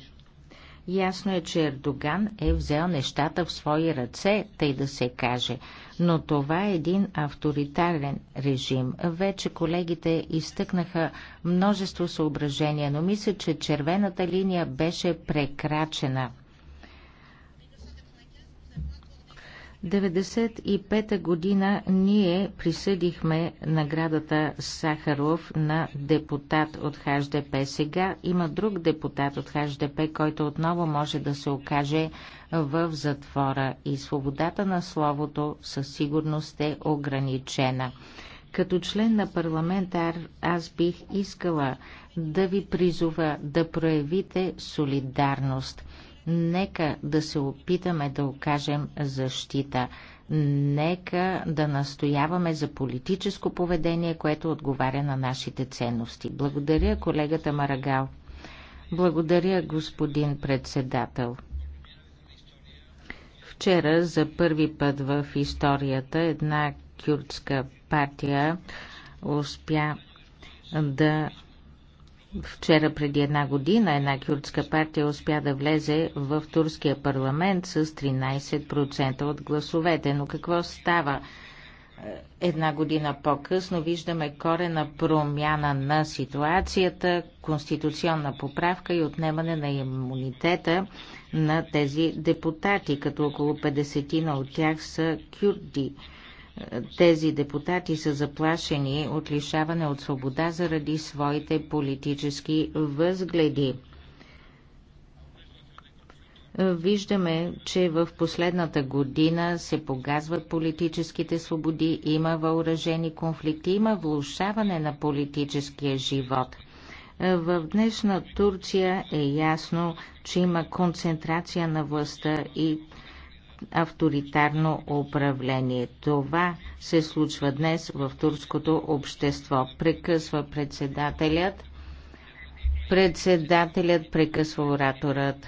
Ясно е, че Ердоган е взел нещата в свои ръце, тъй да се каже, но това е един авторитарен режим. Вече колегите изтъкнаха множество съображения, но мисля, че червената линия беше прекрачена – 95-та година ние присъдихме наградата Сахаров на депутат от ХДП. Сега има друг депутат от ХДП, който отново може да се окаже в затвора и свободата на словото със сигурност е ограничена. Като член на парламентар аз бих искала да ви призова да проявите солидарност – Нека да се опитаме да окажем защита. Нека да настояваме за политическо поведение, което отговаря на нашите ценности. Благодаря, колегата Марагал. Благодаря, господин председател. Вчера за първи път в историята една кюртска партия успя да Вчера преди една година една кюрдска партия успя да влезе в турския парламент с 13% от гласовете. Но какво става? Е, една година по-късно виждаме корена промяна на ситуацията, конституционна поправка и отнемане на имунитета на тези депутати, като около 50 от тях са кюрди. Тези депутати са заплашени от лишаване от свобода заради своите политически възгледи. Виждаме, че в последната година се погазват политическите свободи, има въоръжени конфликти, има влушаване на политическия живот. В днешна Турция е ясно, че има концентрация на властта и авторитарно управление. Това се случва днес в турското общество. Прекъсва председателят. Председателят прекъсва ораторът.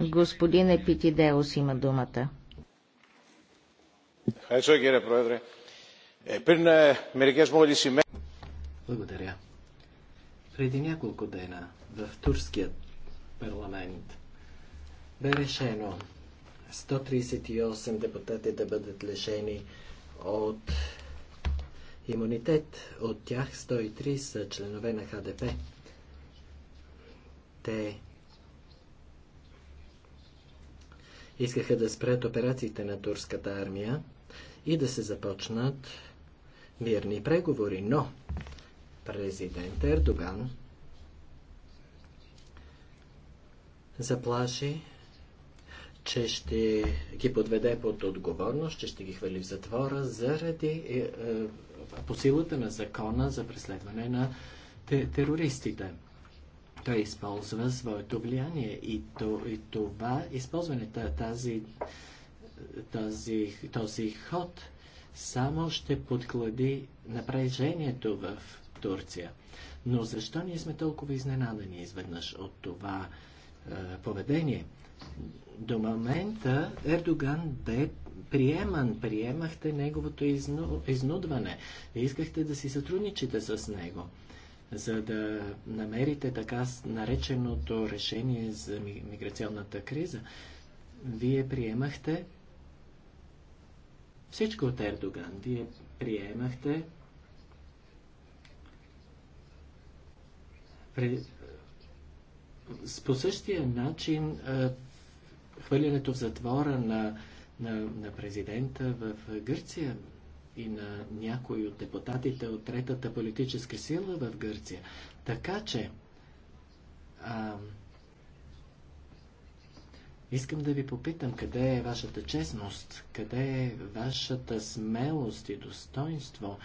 Господин Епитидеус има думата. Е, е, Благодаря. Преди няколко дена в турският парламент бе решено 138 депутати да бъдат лишени от имунитет. От тях 103 са членове на ХДП. Те искаха да спрат операциите на турската армия и да се започнат мирни преговори, но президент Ердоган заплаши че ще ги подведе под отговорност, че ще ги хвали в затвора заради е, е, по силата на закона за преследване на те, терористите. Той използва своето влияние и, то, и това използване, тази, тази, този ход само ще подклади напрежението в Турция. Но защо ние сме толкова изненадани изведнъж от това е, поведение? до момента Ердоган бе приеман, приемахте неговото изну, изнудване. Искахте да си сътрудничите с него, за да намерите така нареченото решение за миграционната криза. Вие приемахте всичко от Ердоган. Вие приемахте по същия начин хвърлянето в затвора на, на, на президента в Гърция и на някои от депутатите от третата политическа сила в Гърция. Така че, а, искам да ви попитам, къде е вашата честност, къде е вашата смелост и достоинство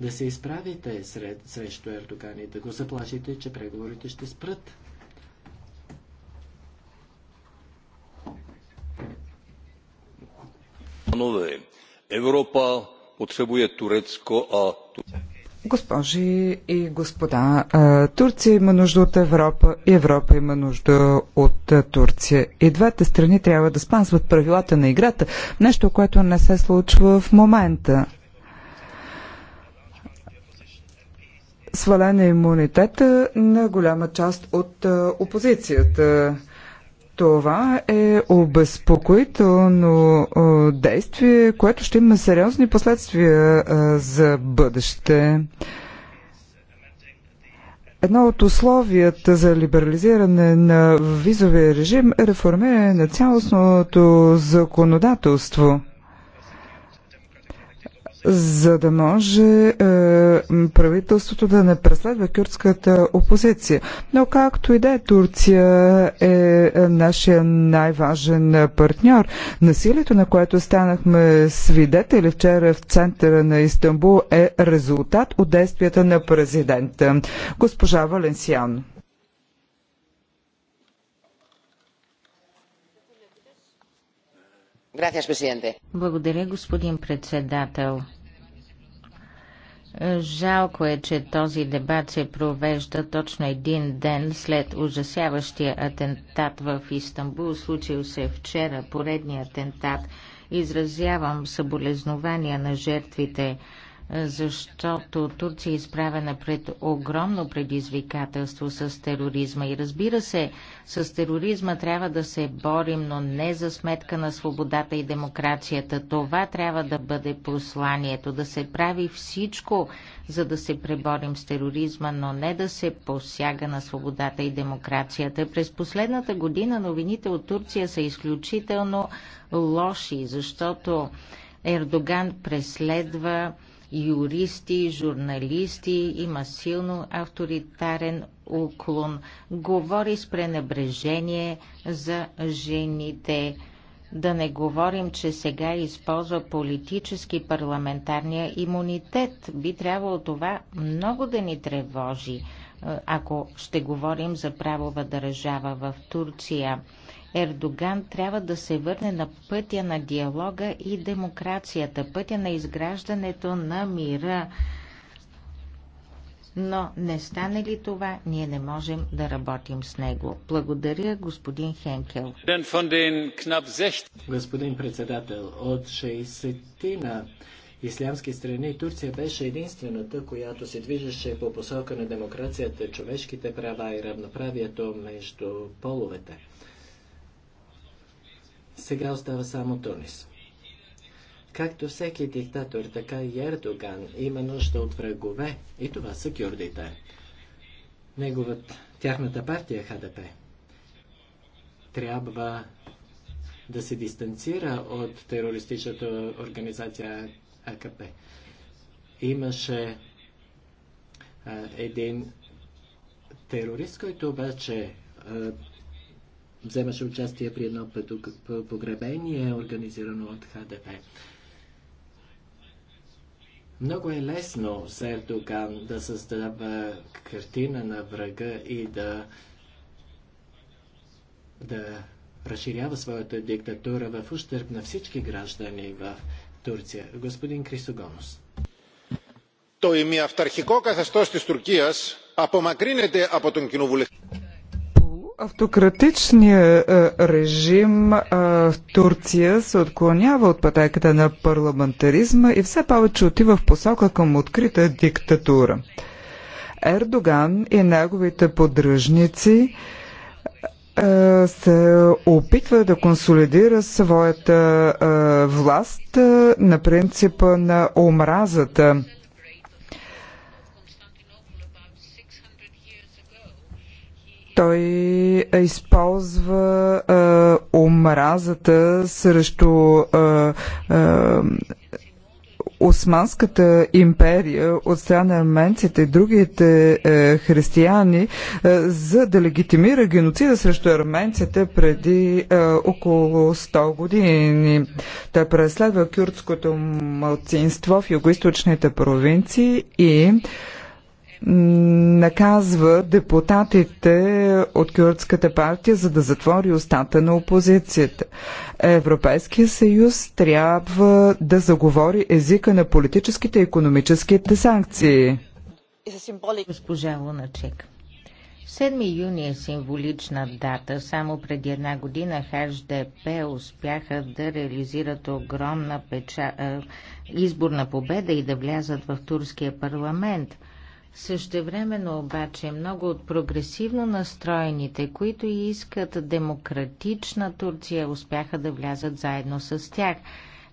да се изправите сред, срещу Ердоган и да го заплашите, че преговорите ще спрат. Европа potřebuje Turecko a Госпожи и господа, Турция има нужда от Европа и Европа има нужда от Турция. И двете страни трябва да спазват правилата на играта, нещо, което не се случва в момента. Свален е имунитета на голяма част от опозицията. Това е обезпокоително действие, което ще има сериозни последствия за бъдеще. Едно от условията за либерализиране на визовия режим е реформиране на цялостното законодателство за да може е, правителството да не преследва кюрдската опозиция. Но както и да е, Турция е, е нашия най-важен партньор. Насилието, на което станахме свидетели вчера в центъра на Истанбул, е резултат от действията на президента. Госпожа Валенсиан. Благодаря, господин председател. Жалко е, че този дебат се провежда точно един ден след ужасяващия атентат в Истанбул. Случил се вчера поредния атентат. Изразявам съболезнования на жертвите защото Турция е изправена пред огромно предизвикателство с тероризма. И разбира се, с тероризма трябва да се борим, но не за сметка на свободата и демокрацията. Това трябва да бъде посланието, да се прави всичко, за да се преборим с тероризма, но не да се посяга на свободата и демокрацията. През последната година новините от Турция са изключително лоши, защото Ердоган преследва юристи, журналисти, има силно авторитарен уклон, говори с пренебрежение за жените. Да не говорим, че сега използва политически парламентарния имунитет. Би трябвало това много да ни тревожи, ако ще говорим за правова държава в Турция. Ердоган трябва да се върне на пътя на диалога и демокрацията, пътя на изграждането на мира. Но не стане ли това, ние не можем да работим с него. Благодаря, господин Хенкел. Господин председател, от 60 на ислямски страни, Турция беше единствената, която се движеше по посока на демокрацията, човешките права и равноправието между половете. Сега остава само Тунис. Както всеки диктатор, така и Ердоган има нужда от врагове и това са кюрдите. Неговът, тяхната партия е ХДП трябва да се дистанцира от терористичната организация АКП. Имаше а, един терорист, който обаче а, вземаше участие при едно погребение, организирано от ХДП. Много е лесно за Ердоган да създава картина на врага и да, да разширява своята диктатура в ущърп на всички граждани в Турция. Господин Крисогонос. Το ημιαυταρχικό καθεστώς της Τουρκίας απομακρύνεται από τον κοινοβουλευτικό Автократичният е, режим е, в Турция се отклонява от пътеката на парламентаризма и все повече отива в посока към открита диктатура. Ердоган и неговите поддръжници е, се опитва да консолидира своята власт на принципа на омразата. Той използва а, омразата срещу а, а, Османската империя от страна на арменците и другите е, християни, е, за да легитимира геноцида срещу арменците преди е, около 100 години. Той преследва кюртското малцинство в югоисточните провинции и е, наказва депутатите от Кюрдската партия, за да затвори устата на опозицията. Европейския съюз трябва да заговори езика на политическите и економическите санкции. Госпожа Луначек. 7 юни е символична дата. Само преди една година ХДП успяха да реализират огромна печа... Е, изборна победа и да влязат в турския парламент – Същевременно обаче много от прогресивно настроените, които искат демократична Турция, успяха да влязат заедно с тях.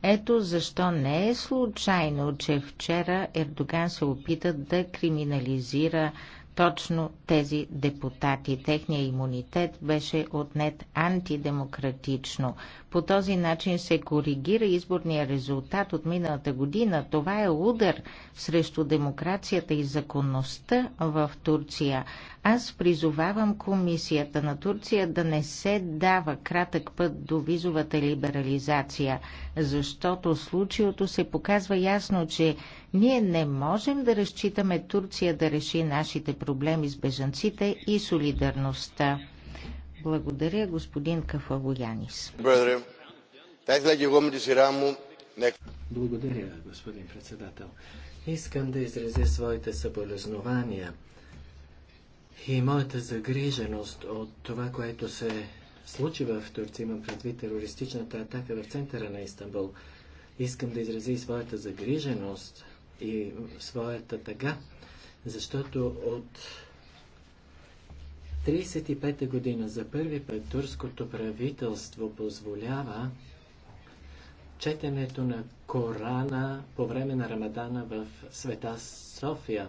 Ето защо не е случайно, че вчера Ердоган се опита да криминализира точно тези депутати. Техният имунитет беше отнет антидемократично. По този начин се коригира изборния резултат от миналата година. Това е удар срещу демокрацията и законността в Турция. Аз призовавам комисията на Турция да не се дава кратък път до визовата либерализация, защото случилото се показва ясно, че ние не можем да разчитаме Турция да реши нашите проблеми с бежанците и солидарността. Благодаря, господин Кафалоянис. Благодаря. Благодаря, господин председател. Искам да изразя своите съболезнования и моята загриженост от това, което се случи в Турция, имам предвид терористичната атака в центъра на Истанбул. Искам да изрази своята загриженост и своята тъга, защото от 35-та година за първи път турското правителство позволява четенето на Корана по време на Рамадана в Света София.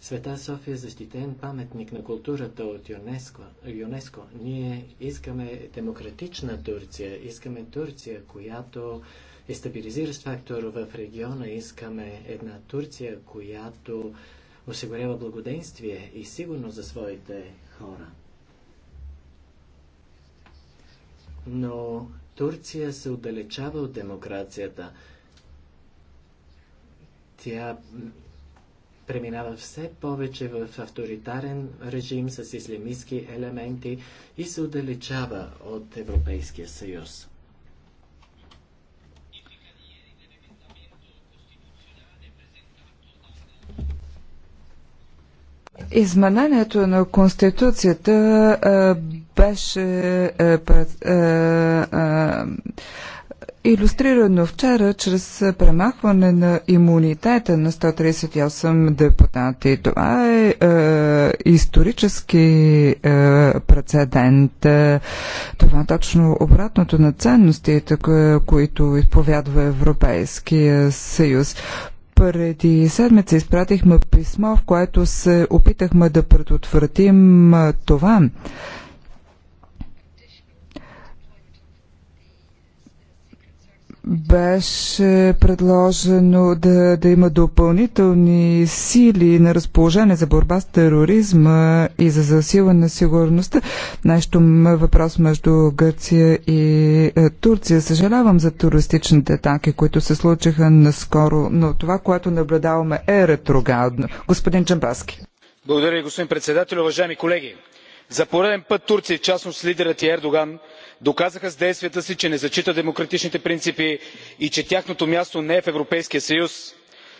Света София е защитен паметник на културата от ЮНЕСКО. ЮНЕСКО. Ние искаме демократична Турция, искаме Турция, която е стабилизиращ фактор в региона, искаме една Турция, която осигурява благоденствие и сигурност за своите хора. Но Турция се отдалечава от демокрацията. Тя преминава все повече в авторитарен режим с ислямистски елементи и се отдалечава от Европейския съюз. Изменението на Конституцията беше иллюстрирано вчера чрез премахване на имунитета на 138 депутати. Това е, е исторически е, прецедент. Това е точно обратното на ценностите, които изповядва Европейския съюз. Преди седмица изпратихме писмо, в което се опитахме да предотвратим това. беше предложено да, да има допълнителни сили на разположение за борба с тероризма и за засилване на сигурността. Нещо въпрос между Гърция и е, Турция. Съжалявам за терористичните атаки, които се случиха наскоро, но това, което наблюдаваме е ретроградно. Господин Джамбаски. Благодаря, господин председател. Уважаеми колеги, за пореден път Турция, в частност лидерът и Ердоган, доказаха с действията си че не зачита демократичните принципи и че тяхното място не е в европейския съюз.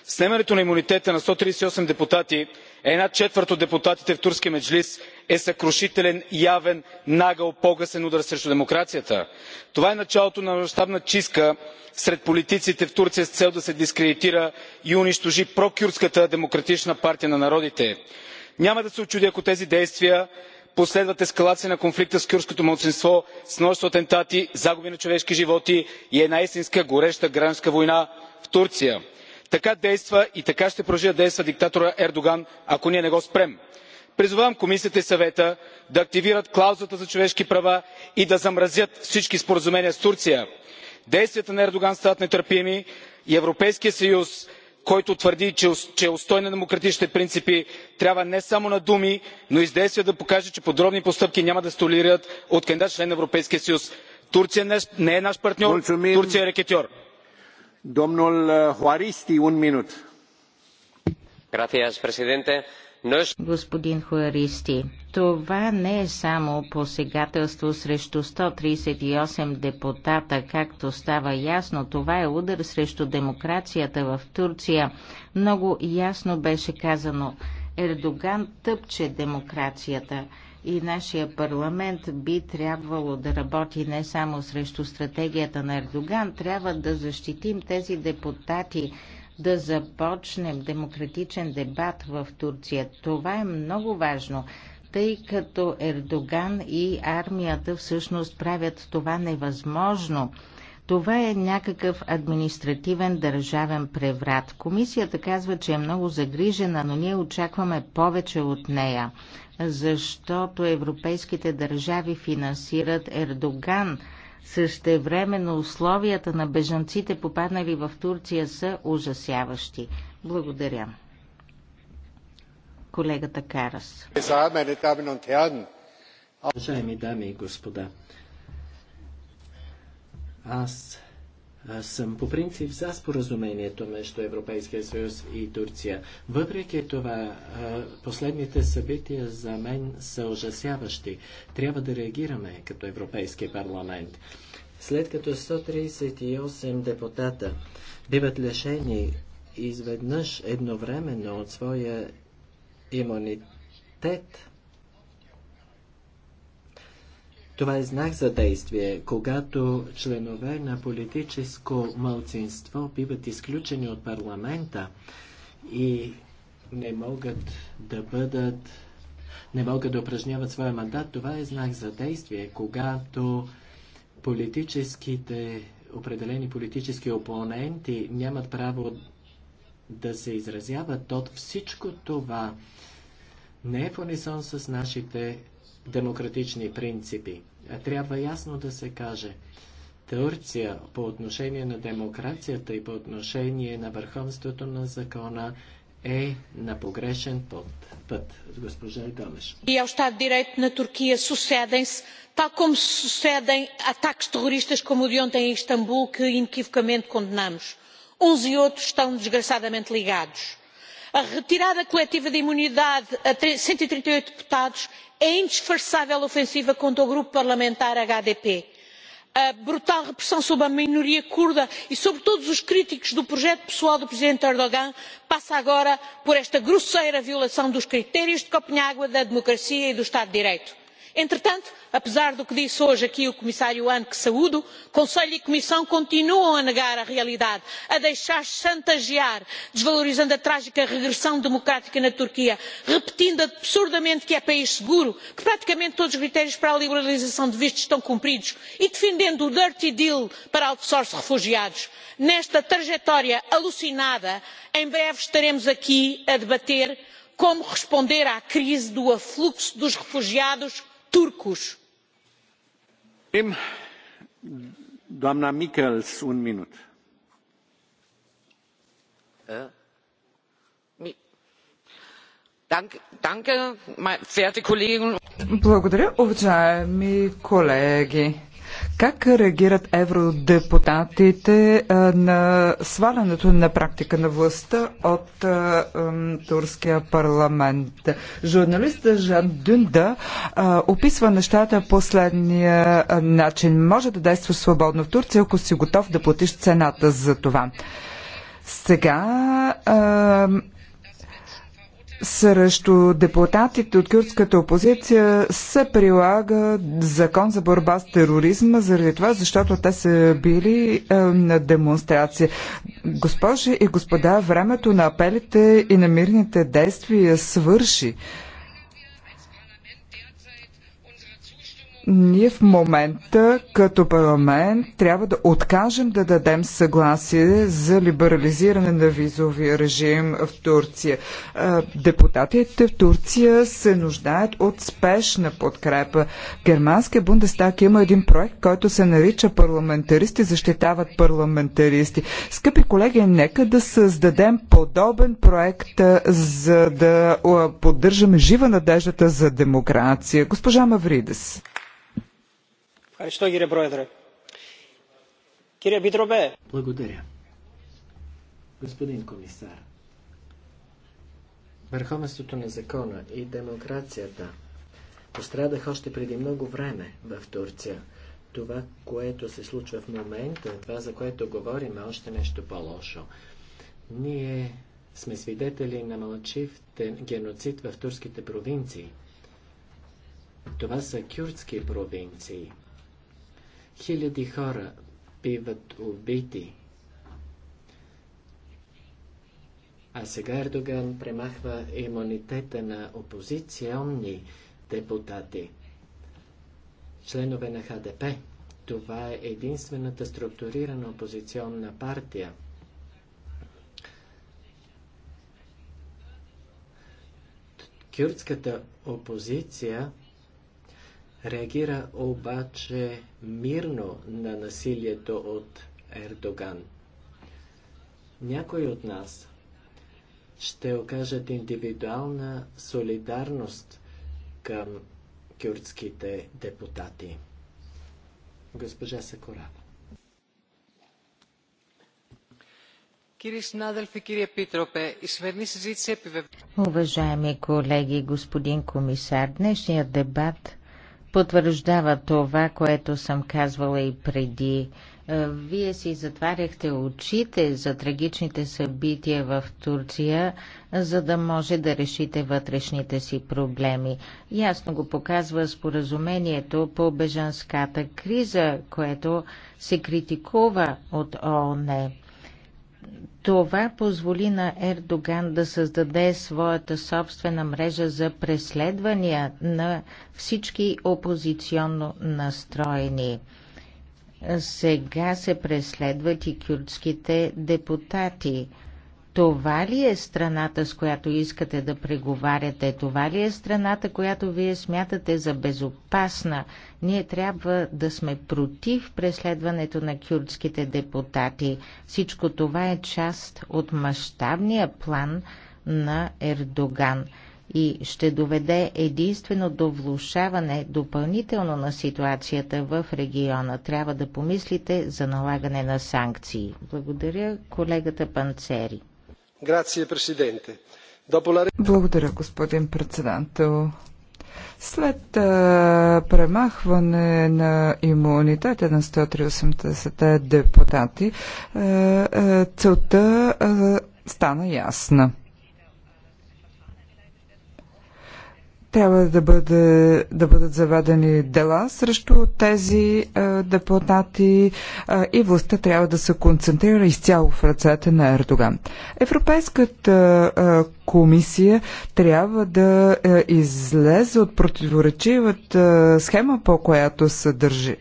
снемането на имунитета на сто тридесет и осем депутати една четвърт от депутатите в турския меджлис е съкрушителен явен нагъл погасен удар срещу демокрацията. това е началото на мащабна чистка сред политиците в турция с цел да се дискредитира и унищожи прокюрдската демократична партия на народите. няма да се учудя ако тези действия последват ескалация на конфликта с кюрдското малцинство с множество атентати загуби на човешки животи и една истинска гореща гражданска война в турция. така действа и така ще продължи да действа диктаторът ердоган ако ние не го спрем. призовавам комисията и съвета да активират клаузата за човешки права и да замразят всички споразумения с турция. действията на ердоган стават нетърпими и европейският съюз който твърди че е устоен на демократичните принципи трябва не само на думи но и с действия да покаже че подобни постъпки няма да се толерират от кандидат член на европейския съюз. турция не е наш партньор турция е рекетьор. presidente Господин Хуаристи, това не е само посегателство срещу 138 депутата, както става ясно. Това е удар срещу демокрацията в Турция. Много ясно беше казано. Ердоган тъпче демокрацията и нашия парламент би трябвало да работи не само срещу стратегията на Ердоган, трябва да защитим тези депутати, да започнем демократичен дебат в Турция. Това е много важно, тъй като Ердоган и армията всъщност правят това невъзможно. Това е някакъв административен държавен преврат. Комисията казва, че е много загрижена, но ние очакваме повече от нея, защото европейските държави финансират Ердоган – Същевременно условията на бежанците, попаднали в Турция, са ужасяващи. Благодаря. Колегата Карас. Уважаеми дами и господа, аз аз съм по принцип за споразумението между Европейския съюз и Турция. Въпреки това, последните събития за мен са ужасяващи. Трябва да реагираме като Европейски парламент. След като 138 депутата биват лишени изведнъж едновременно от своя имунитет, това е знак за действие, когато членове на политическо мълцинство биват изключени от парламента и не могат да бъдат не могат да упражняват своя мандат, това е знак за действие, когато политическите, определени политически опоненти нямат право да се изразяват от всичко това не е в с нашите демократични принципи трябва ясно да се каже. Турция по отношение на демокрацията и по отношение на върховството на закона е на погрешен път. път госпожа Гомеш. И ao Estado de Direito na Turquia sucedem-se, tal como sucedem ataques terroristas como o de ontem em Istambul, que inequivocamente condenamos. Uns e outros estão desgraçadamente ligados a retirada coletiva de imunidade a cento e trinta e oito deputados é indisfarçável ofensiva contra o grupo parlamentar hdp. a brutal repressão sobre a minoria curda e sobre todos os críticos do projeto pessoal do presidente erdogan passa agora por esta grosseira violação dos critérios de copenhague da democracia e do estado de direito entretanto apesar do que disse hoje aqui o comissário hahn que saúdo conselho e comissão continuam a negar a realidade a deixar se chantagear desvalorizando a trágica regressão democrática na turquia repetindo absurdamente que é país seguro que praticamente todos os critérios para a liberalização de vistos estão cumpridos e defendendo o dirty deal para outsourcing de refugiados. nesta trajetória alucinada em breve estaremos aqui a debater como responder à crise do afluxo dos refugiados turcos. Äh, Благодаря, уважаеми колеги. Как реагират евродепутатите на свалянето на практика на властта от турския парламент? Журналистът Жан Дюнда описва нещата последния начин. Може да действа свободно в Турция, ако си готов да платиш цената за това. Сега срещу депутатите от кюрдската опозиция се прилага закон за борба с тероризма заради това, защото те са били е, на демонстрация. Госпожи и господа, времето на апелите и на мирните действия свърши. Ние в момента като парламент трябва да откажем да дадем съгласие за либерализиране на визовия режим в Турция. Депутатите в Турция се нуждаят от спешна подкрепа. Германския Бундестаг има един проект, който се нарича парламентаристи защитават парламентаристи. Скъпи колеги, нека да създадем подобен проект, за да поддържаме жива надеждата за демокрация. Госпожа Мавридес. Благодаря. Господин комисар, върховенството на закона и демокрацията пострадах още преди много време в Турция. Това, което се случва в момента, това, за което говорим, е още нещо по-лошо. Ние сме свидетели на мълчив геноцид в турските провинции. Това са кюртски провинции. Хиляди хора биват убити. А сега Ердоган премахва имунитета на опозиционни депутати, членове на ХДП. Това е единствената структурирана опозиционна партия. Кюртската опозиция реагира обаче мирно на насилието от Ердоган. Някои от нас ще окажат индивидуална солидарност към кюрдските депутати. Госпожа Сакорава. Уважаеми колеги, господин комисар, днешният дебат потвърждава това, което съм казвала и преди. Е, вие си затваряхте очите за трагичните събития в Турция, за да може да решите вътрешните си проблеми. Ясно го показва споразумението по бежанската криза, което се критикува от ООН. Това позволи на Ердоган да създаде своята собствена мрежа за преследвания на всички опозиционно настроени. Сега се преследват и кюрдските депутати. Това ли е страната, с която искате да преговаряте? Това ли е страната, която вие смятате за безопасна? Ние трябва да сме против преследването на кюрдските депутати. Всичко това е част от мащабния план на Ердоган и ще доведе единствено до влушаване допълнително на ситуацията в региона. Трябва да помислите за налагане на санкции. Благодаря колегата Панцери. Благодаря, господин председател. След а, премахване на имунитета на 138-те депутати, а, а, целта а, стана ясна. трябва да, бъде, да бъдат заведени дела срещу тези а, депутати а, и властта трябва да се концентрира изцяло в ръцете на Ердоган. Европейската а, комисия трябва да а, излезе от противоречивата схема, по която се държи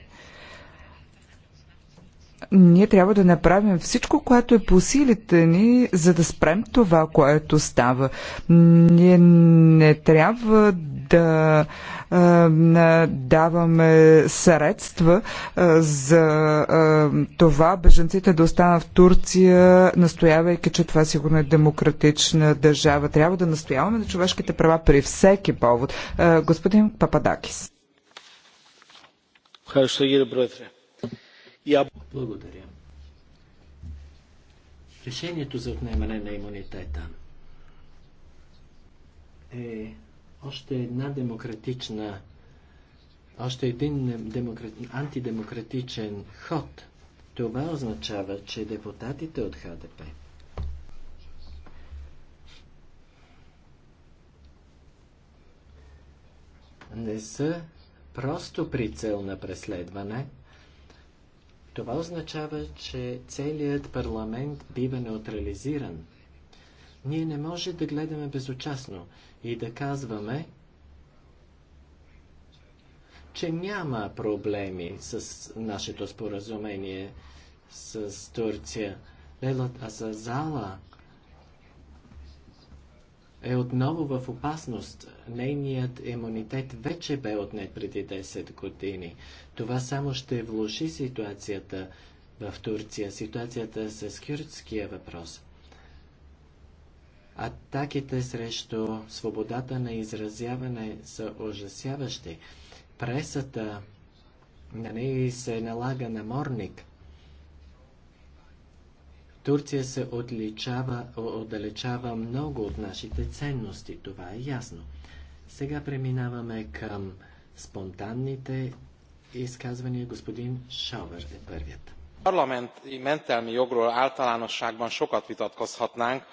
ние трябва да направим всичко, което е по силите ни, за да спрем това, което става. Ние не трябва да а, даваме средства а, за а, това беженците да останат в Турция, настоявайки, че това сигурно е демократична държава. Трябва да настояваме на човешките права при всеки повод. А, господин Пападакис. Хорошо, Гири Бройтре. Я... Благодаря. Решението за отнемане на имунитета е още една демократична, още един демократ, антидемократичен ход. Това означава, че депутатите от ХДП не са просто прицел на преследване, това означава, че целият парламент бива неутрализиран. Ние не може да гледаме безучастно и да казваме, че няма проблеми с нашето споразумение с Турция. Лелът Азазала е отново в опасност. Нейният имунитет вече бе отнет преди 10 години. Това само ще влуши ситуацията в Турция, ситуацията с кюрдския въпрос. Атаките срещу свободата на изразяване са ужасяващи. Пресата на нея се налага на морник. Турция се отличава, отдалечава много от нашите ценности, това е ясно. Сега преминаваме към спонтанните изказвания. Господин Шавер е първият. Parlamenti mentelmi jogról általánosságban sokat vitatkozhatnánk.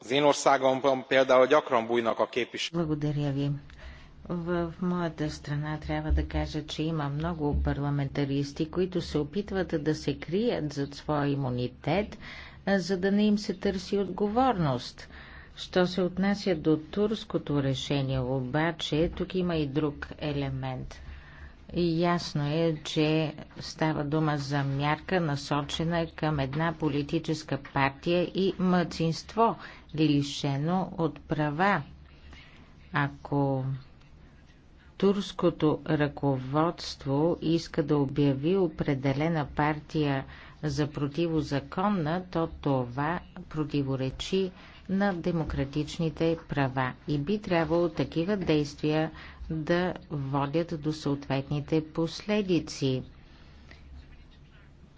Az én országomban például gyakran bújnak a képviselők. Благодаря ви. В моята страна трябва да кажа, че има много парламентаристи, които се опитват да се крият зад своя имунитет, за да не им се търси отговорност. Що се отнася до турското решение, обаче, тук има и друг елемент. Ясно е, че става дума за мярка насочена към една политическа партия и мъцинство, лишено от права. Ако турското ръководство иска да обяви определена партия за противозаконна, то това противоречи на демократичните права и би трябвало такива действия да водят до съответните последици.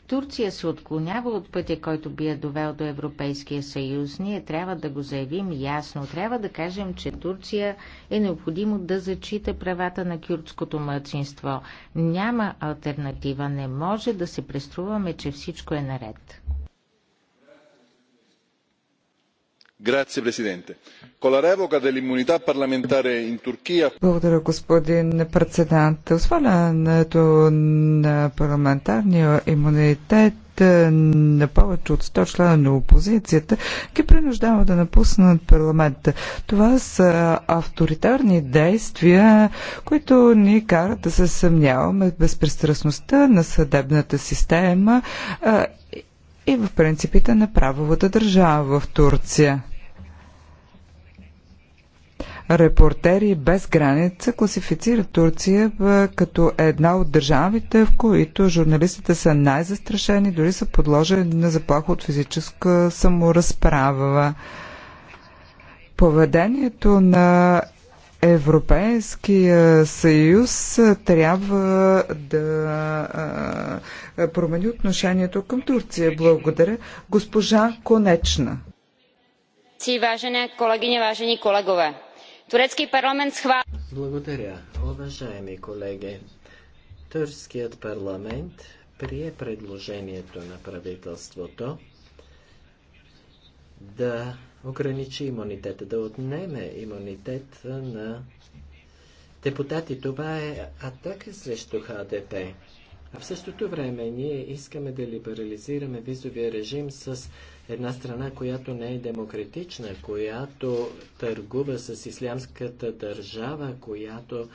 Турция се отклонява от пътя, който би я довел до Европейския съюз. Ние трябва да го заявим ясно. Трябва да кажем, че Турция е необходимо да зачита правата на кюрдското мъцинство. Няма альтернатива. Не може да се преструваме, че всичко е наред. Грация, президенте. Благодаря, господин председател. Свалянето на парламентарния имунитет е, на повече от сто члена на опозицията ги принуждава да напуснат парламента. Това са авторитарни действия, които ни карат да се съмняваме в безпристрастността на съдебната система е, и в принципите на правовата държава в Турция. Репортери без граница класифицира Турция като една от държавите, в които журналистите са най-застрашени, дори са подложени на заплаха от физическа саморазправа. Поведението на Европейския съюз трябва да промени отношението към Турция. Благодаря. Госпожа Конечна. Vážené колегиня, vážení колегове парламент Благодаря, уважаеми колеги. Турският парламент прие предложението на правителството да ограничи имунитета, да отнеме имунитет на депутати. Това е атака срещу ХДП. А в същото време ние искаме да либерализираме визовия режим с една страна, която не е демократична, която търгува с ислямската държава, която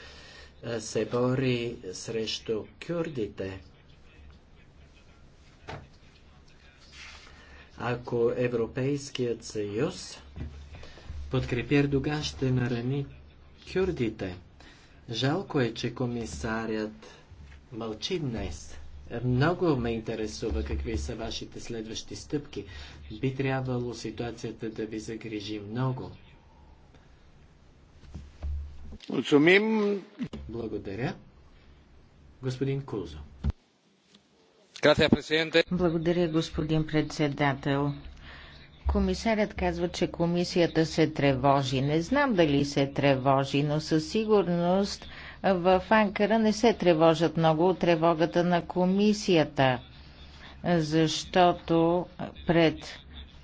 се бори срещу кюрдите. Ако Европейският съюз подкрепи Ердоган, ще нарани кюрдите. Жалко е, че комисарят мълчи днес. Много ме интересува какви са вашите следващи стъпки би трябвало ситуацията да ви загрижи много. Mulțumim. Благодаря. Господин Кузо. Благодаря, господин председател. Комисарят казва, че комисията се тревожи. Не знам дали се тревожи, но със сигурност в Анкара не се тревожат много от тревогата на комисията защото пред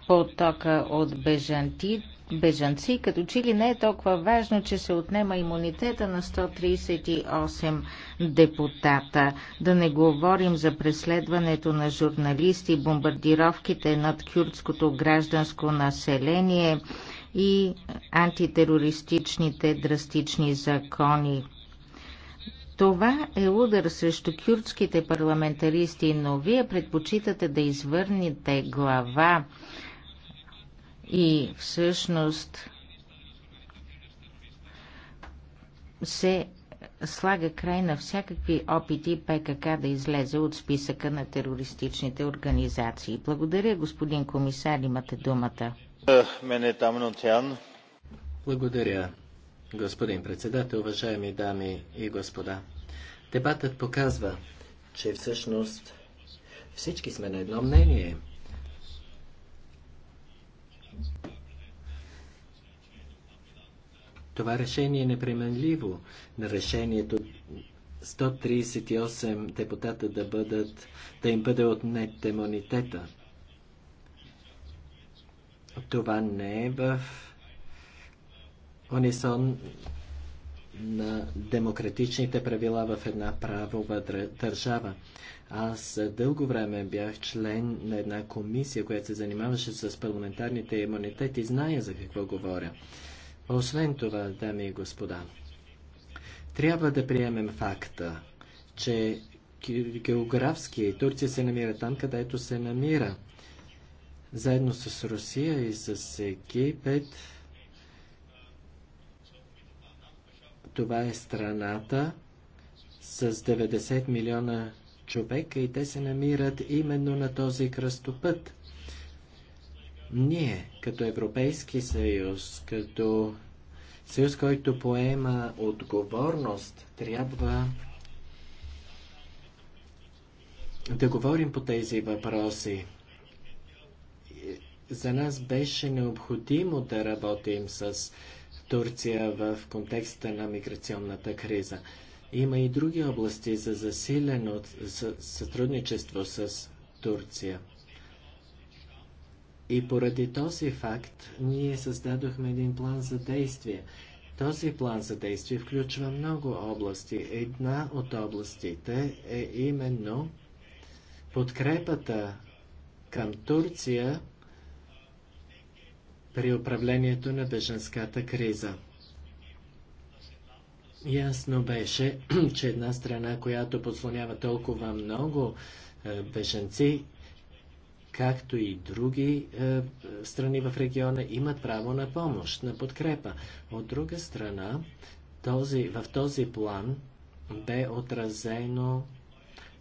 потока от бежанти, бежанци, като че ли не е толкова важно, че се отнема имунитета на 138 депутата. Да не говорим за преследването на журналисти, бомбардировките над кюрдското гражданско население и антитерористичните драстични закони. Това е удар срещу кюрдските парламентаристи, но вие предпочитате да извърнете глава и всъщност се слага край на всякакви опити ПКК да излезе от списъка на терористичните организации. Благодаря, господин комисар, имате думата. Благодаря, Господин председател, уважаеми дами и господа, дебатът показва, че всъщност всички сме на едно мнение. Това решение е непременливо на решението 138 депутата да, бъдат, да им бъде отнет имунитета. Това не е в унисон на демократичните правила в една правова държава. Аз дълго време бях член на една комисия, която се занимаваше с парламентарните имунитети. Зная за какво говоря. Освен това, дами и господа, трябва да приемем факта, че географски Турция се намира там, където се намира. Заедно с Русия и с Египет Това е страната с 90 милиона човека и те се намират именно на този кръстопът. Ние, като Европейски съюз, като съюз, който поема отговорност, трябва да говорим по тези въпроси. За нас беше необходимо да работим с Турция в контекста на миграционната криза. Има и други области за засилено сътрудничество с Турция. И поради този факт ние създадохме един план за действие. Този план за действие включва много области. Една от областите е именно подкрепата към Турция при управлението на беженската криза. Ясно беше, че една страна, която послонява толкова много е, беженци, както и други е, страни в региона, имат право на помощ, на подкрепа. От друга страна, този, в този план бе отразено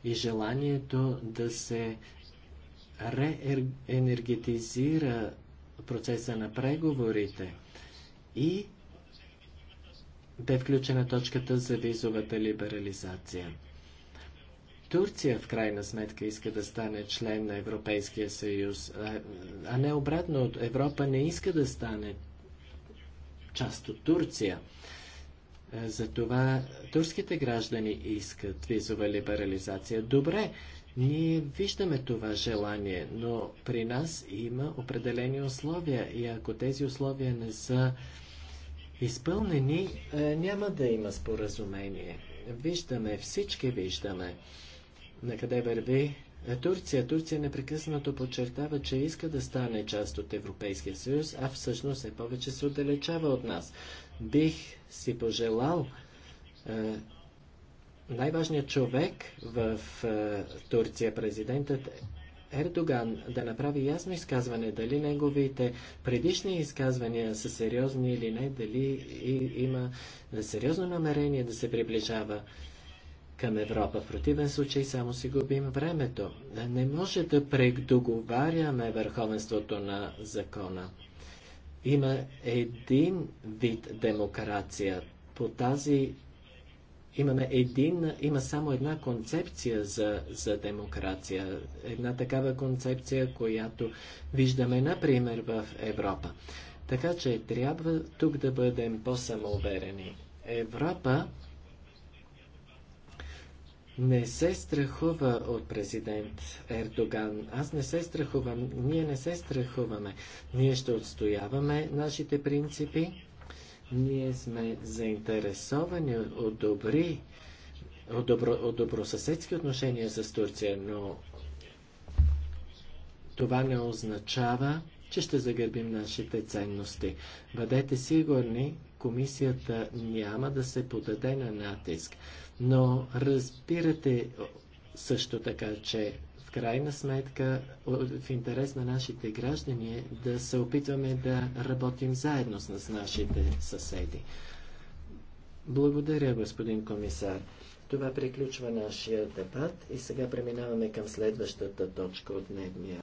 и желанието да се реенергетизира процеса на преговорите и бе включена точката за визовата либерализация. Турция в крайна сметка иска да стане член на Европейския съюз, а, не обратно. Европа не иска да стане част от Турция. Затова турските граждани искат визова либерализация. Добре, ние виждаме това желание, но при нас има определени условия и ако тези условия не са изпълнени, е, няма да има споразумение. Виждаме, всички виждаме на къде върви е, Турция. Турция непрекъснато подчертава, че иска да стане част от Европейския съюз, а всъщност е повече се отдалечава от нас. Бих си пожелал е, най-важният човек в е, Турция, президентът Ердоган, да направи ясно изказване дали неговите предишни изказвания са сериозни или не, дали и, има сериозно намерение да се приближава към Европа. В противен случай само си губим времето. Не може да предоговаряме върховенството на закона. Има един вид демокрация. По тази имаме един, има само една концепция за, за демокрация. Една такава концепция, която виждаме, например, в Европа. Така че трябва тук да бъдем по-самоуверени. Европа не се страхува от президент Ердоган. Аз не се страхувам. Ние не се страхуваме. Ние ще отстояваме нашите принципи ние сме заинтересовани от добри, от, добро, от добросъседски отношения с Турция, но това не означава, че ще загърбим нашите ценности. Бъдете сигурни, комисията няма да се подаде на натиск. Но разбирате също така, че в крайна сметка, в интерес на нашите граждани е да се опитваме да работим заедно с нашите съседи. Благодаря, господин комисар. Това приключва нашия дебат и сега преминаваме към следващата точка от дневния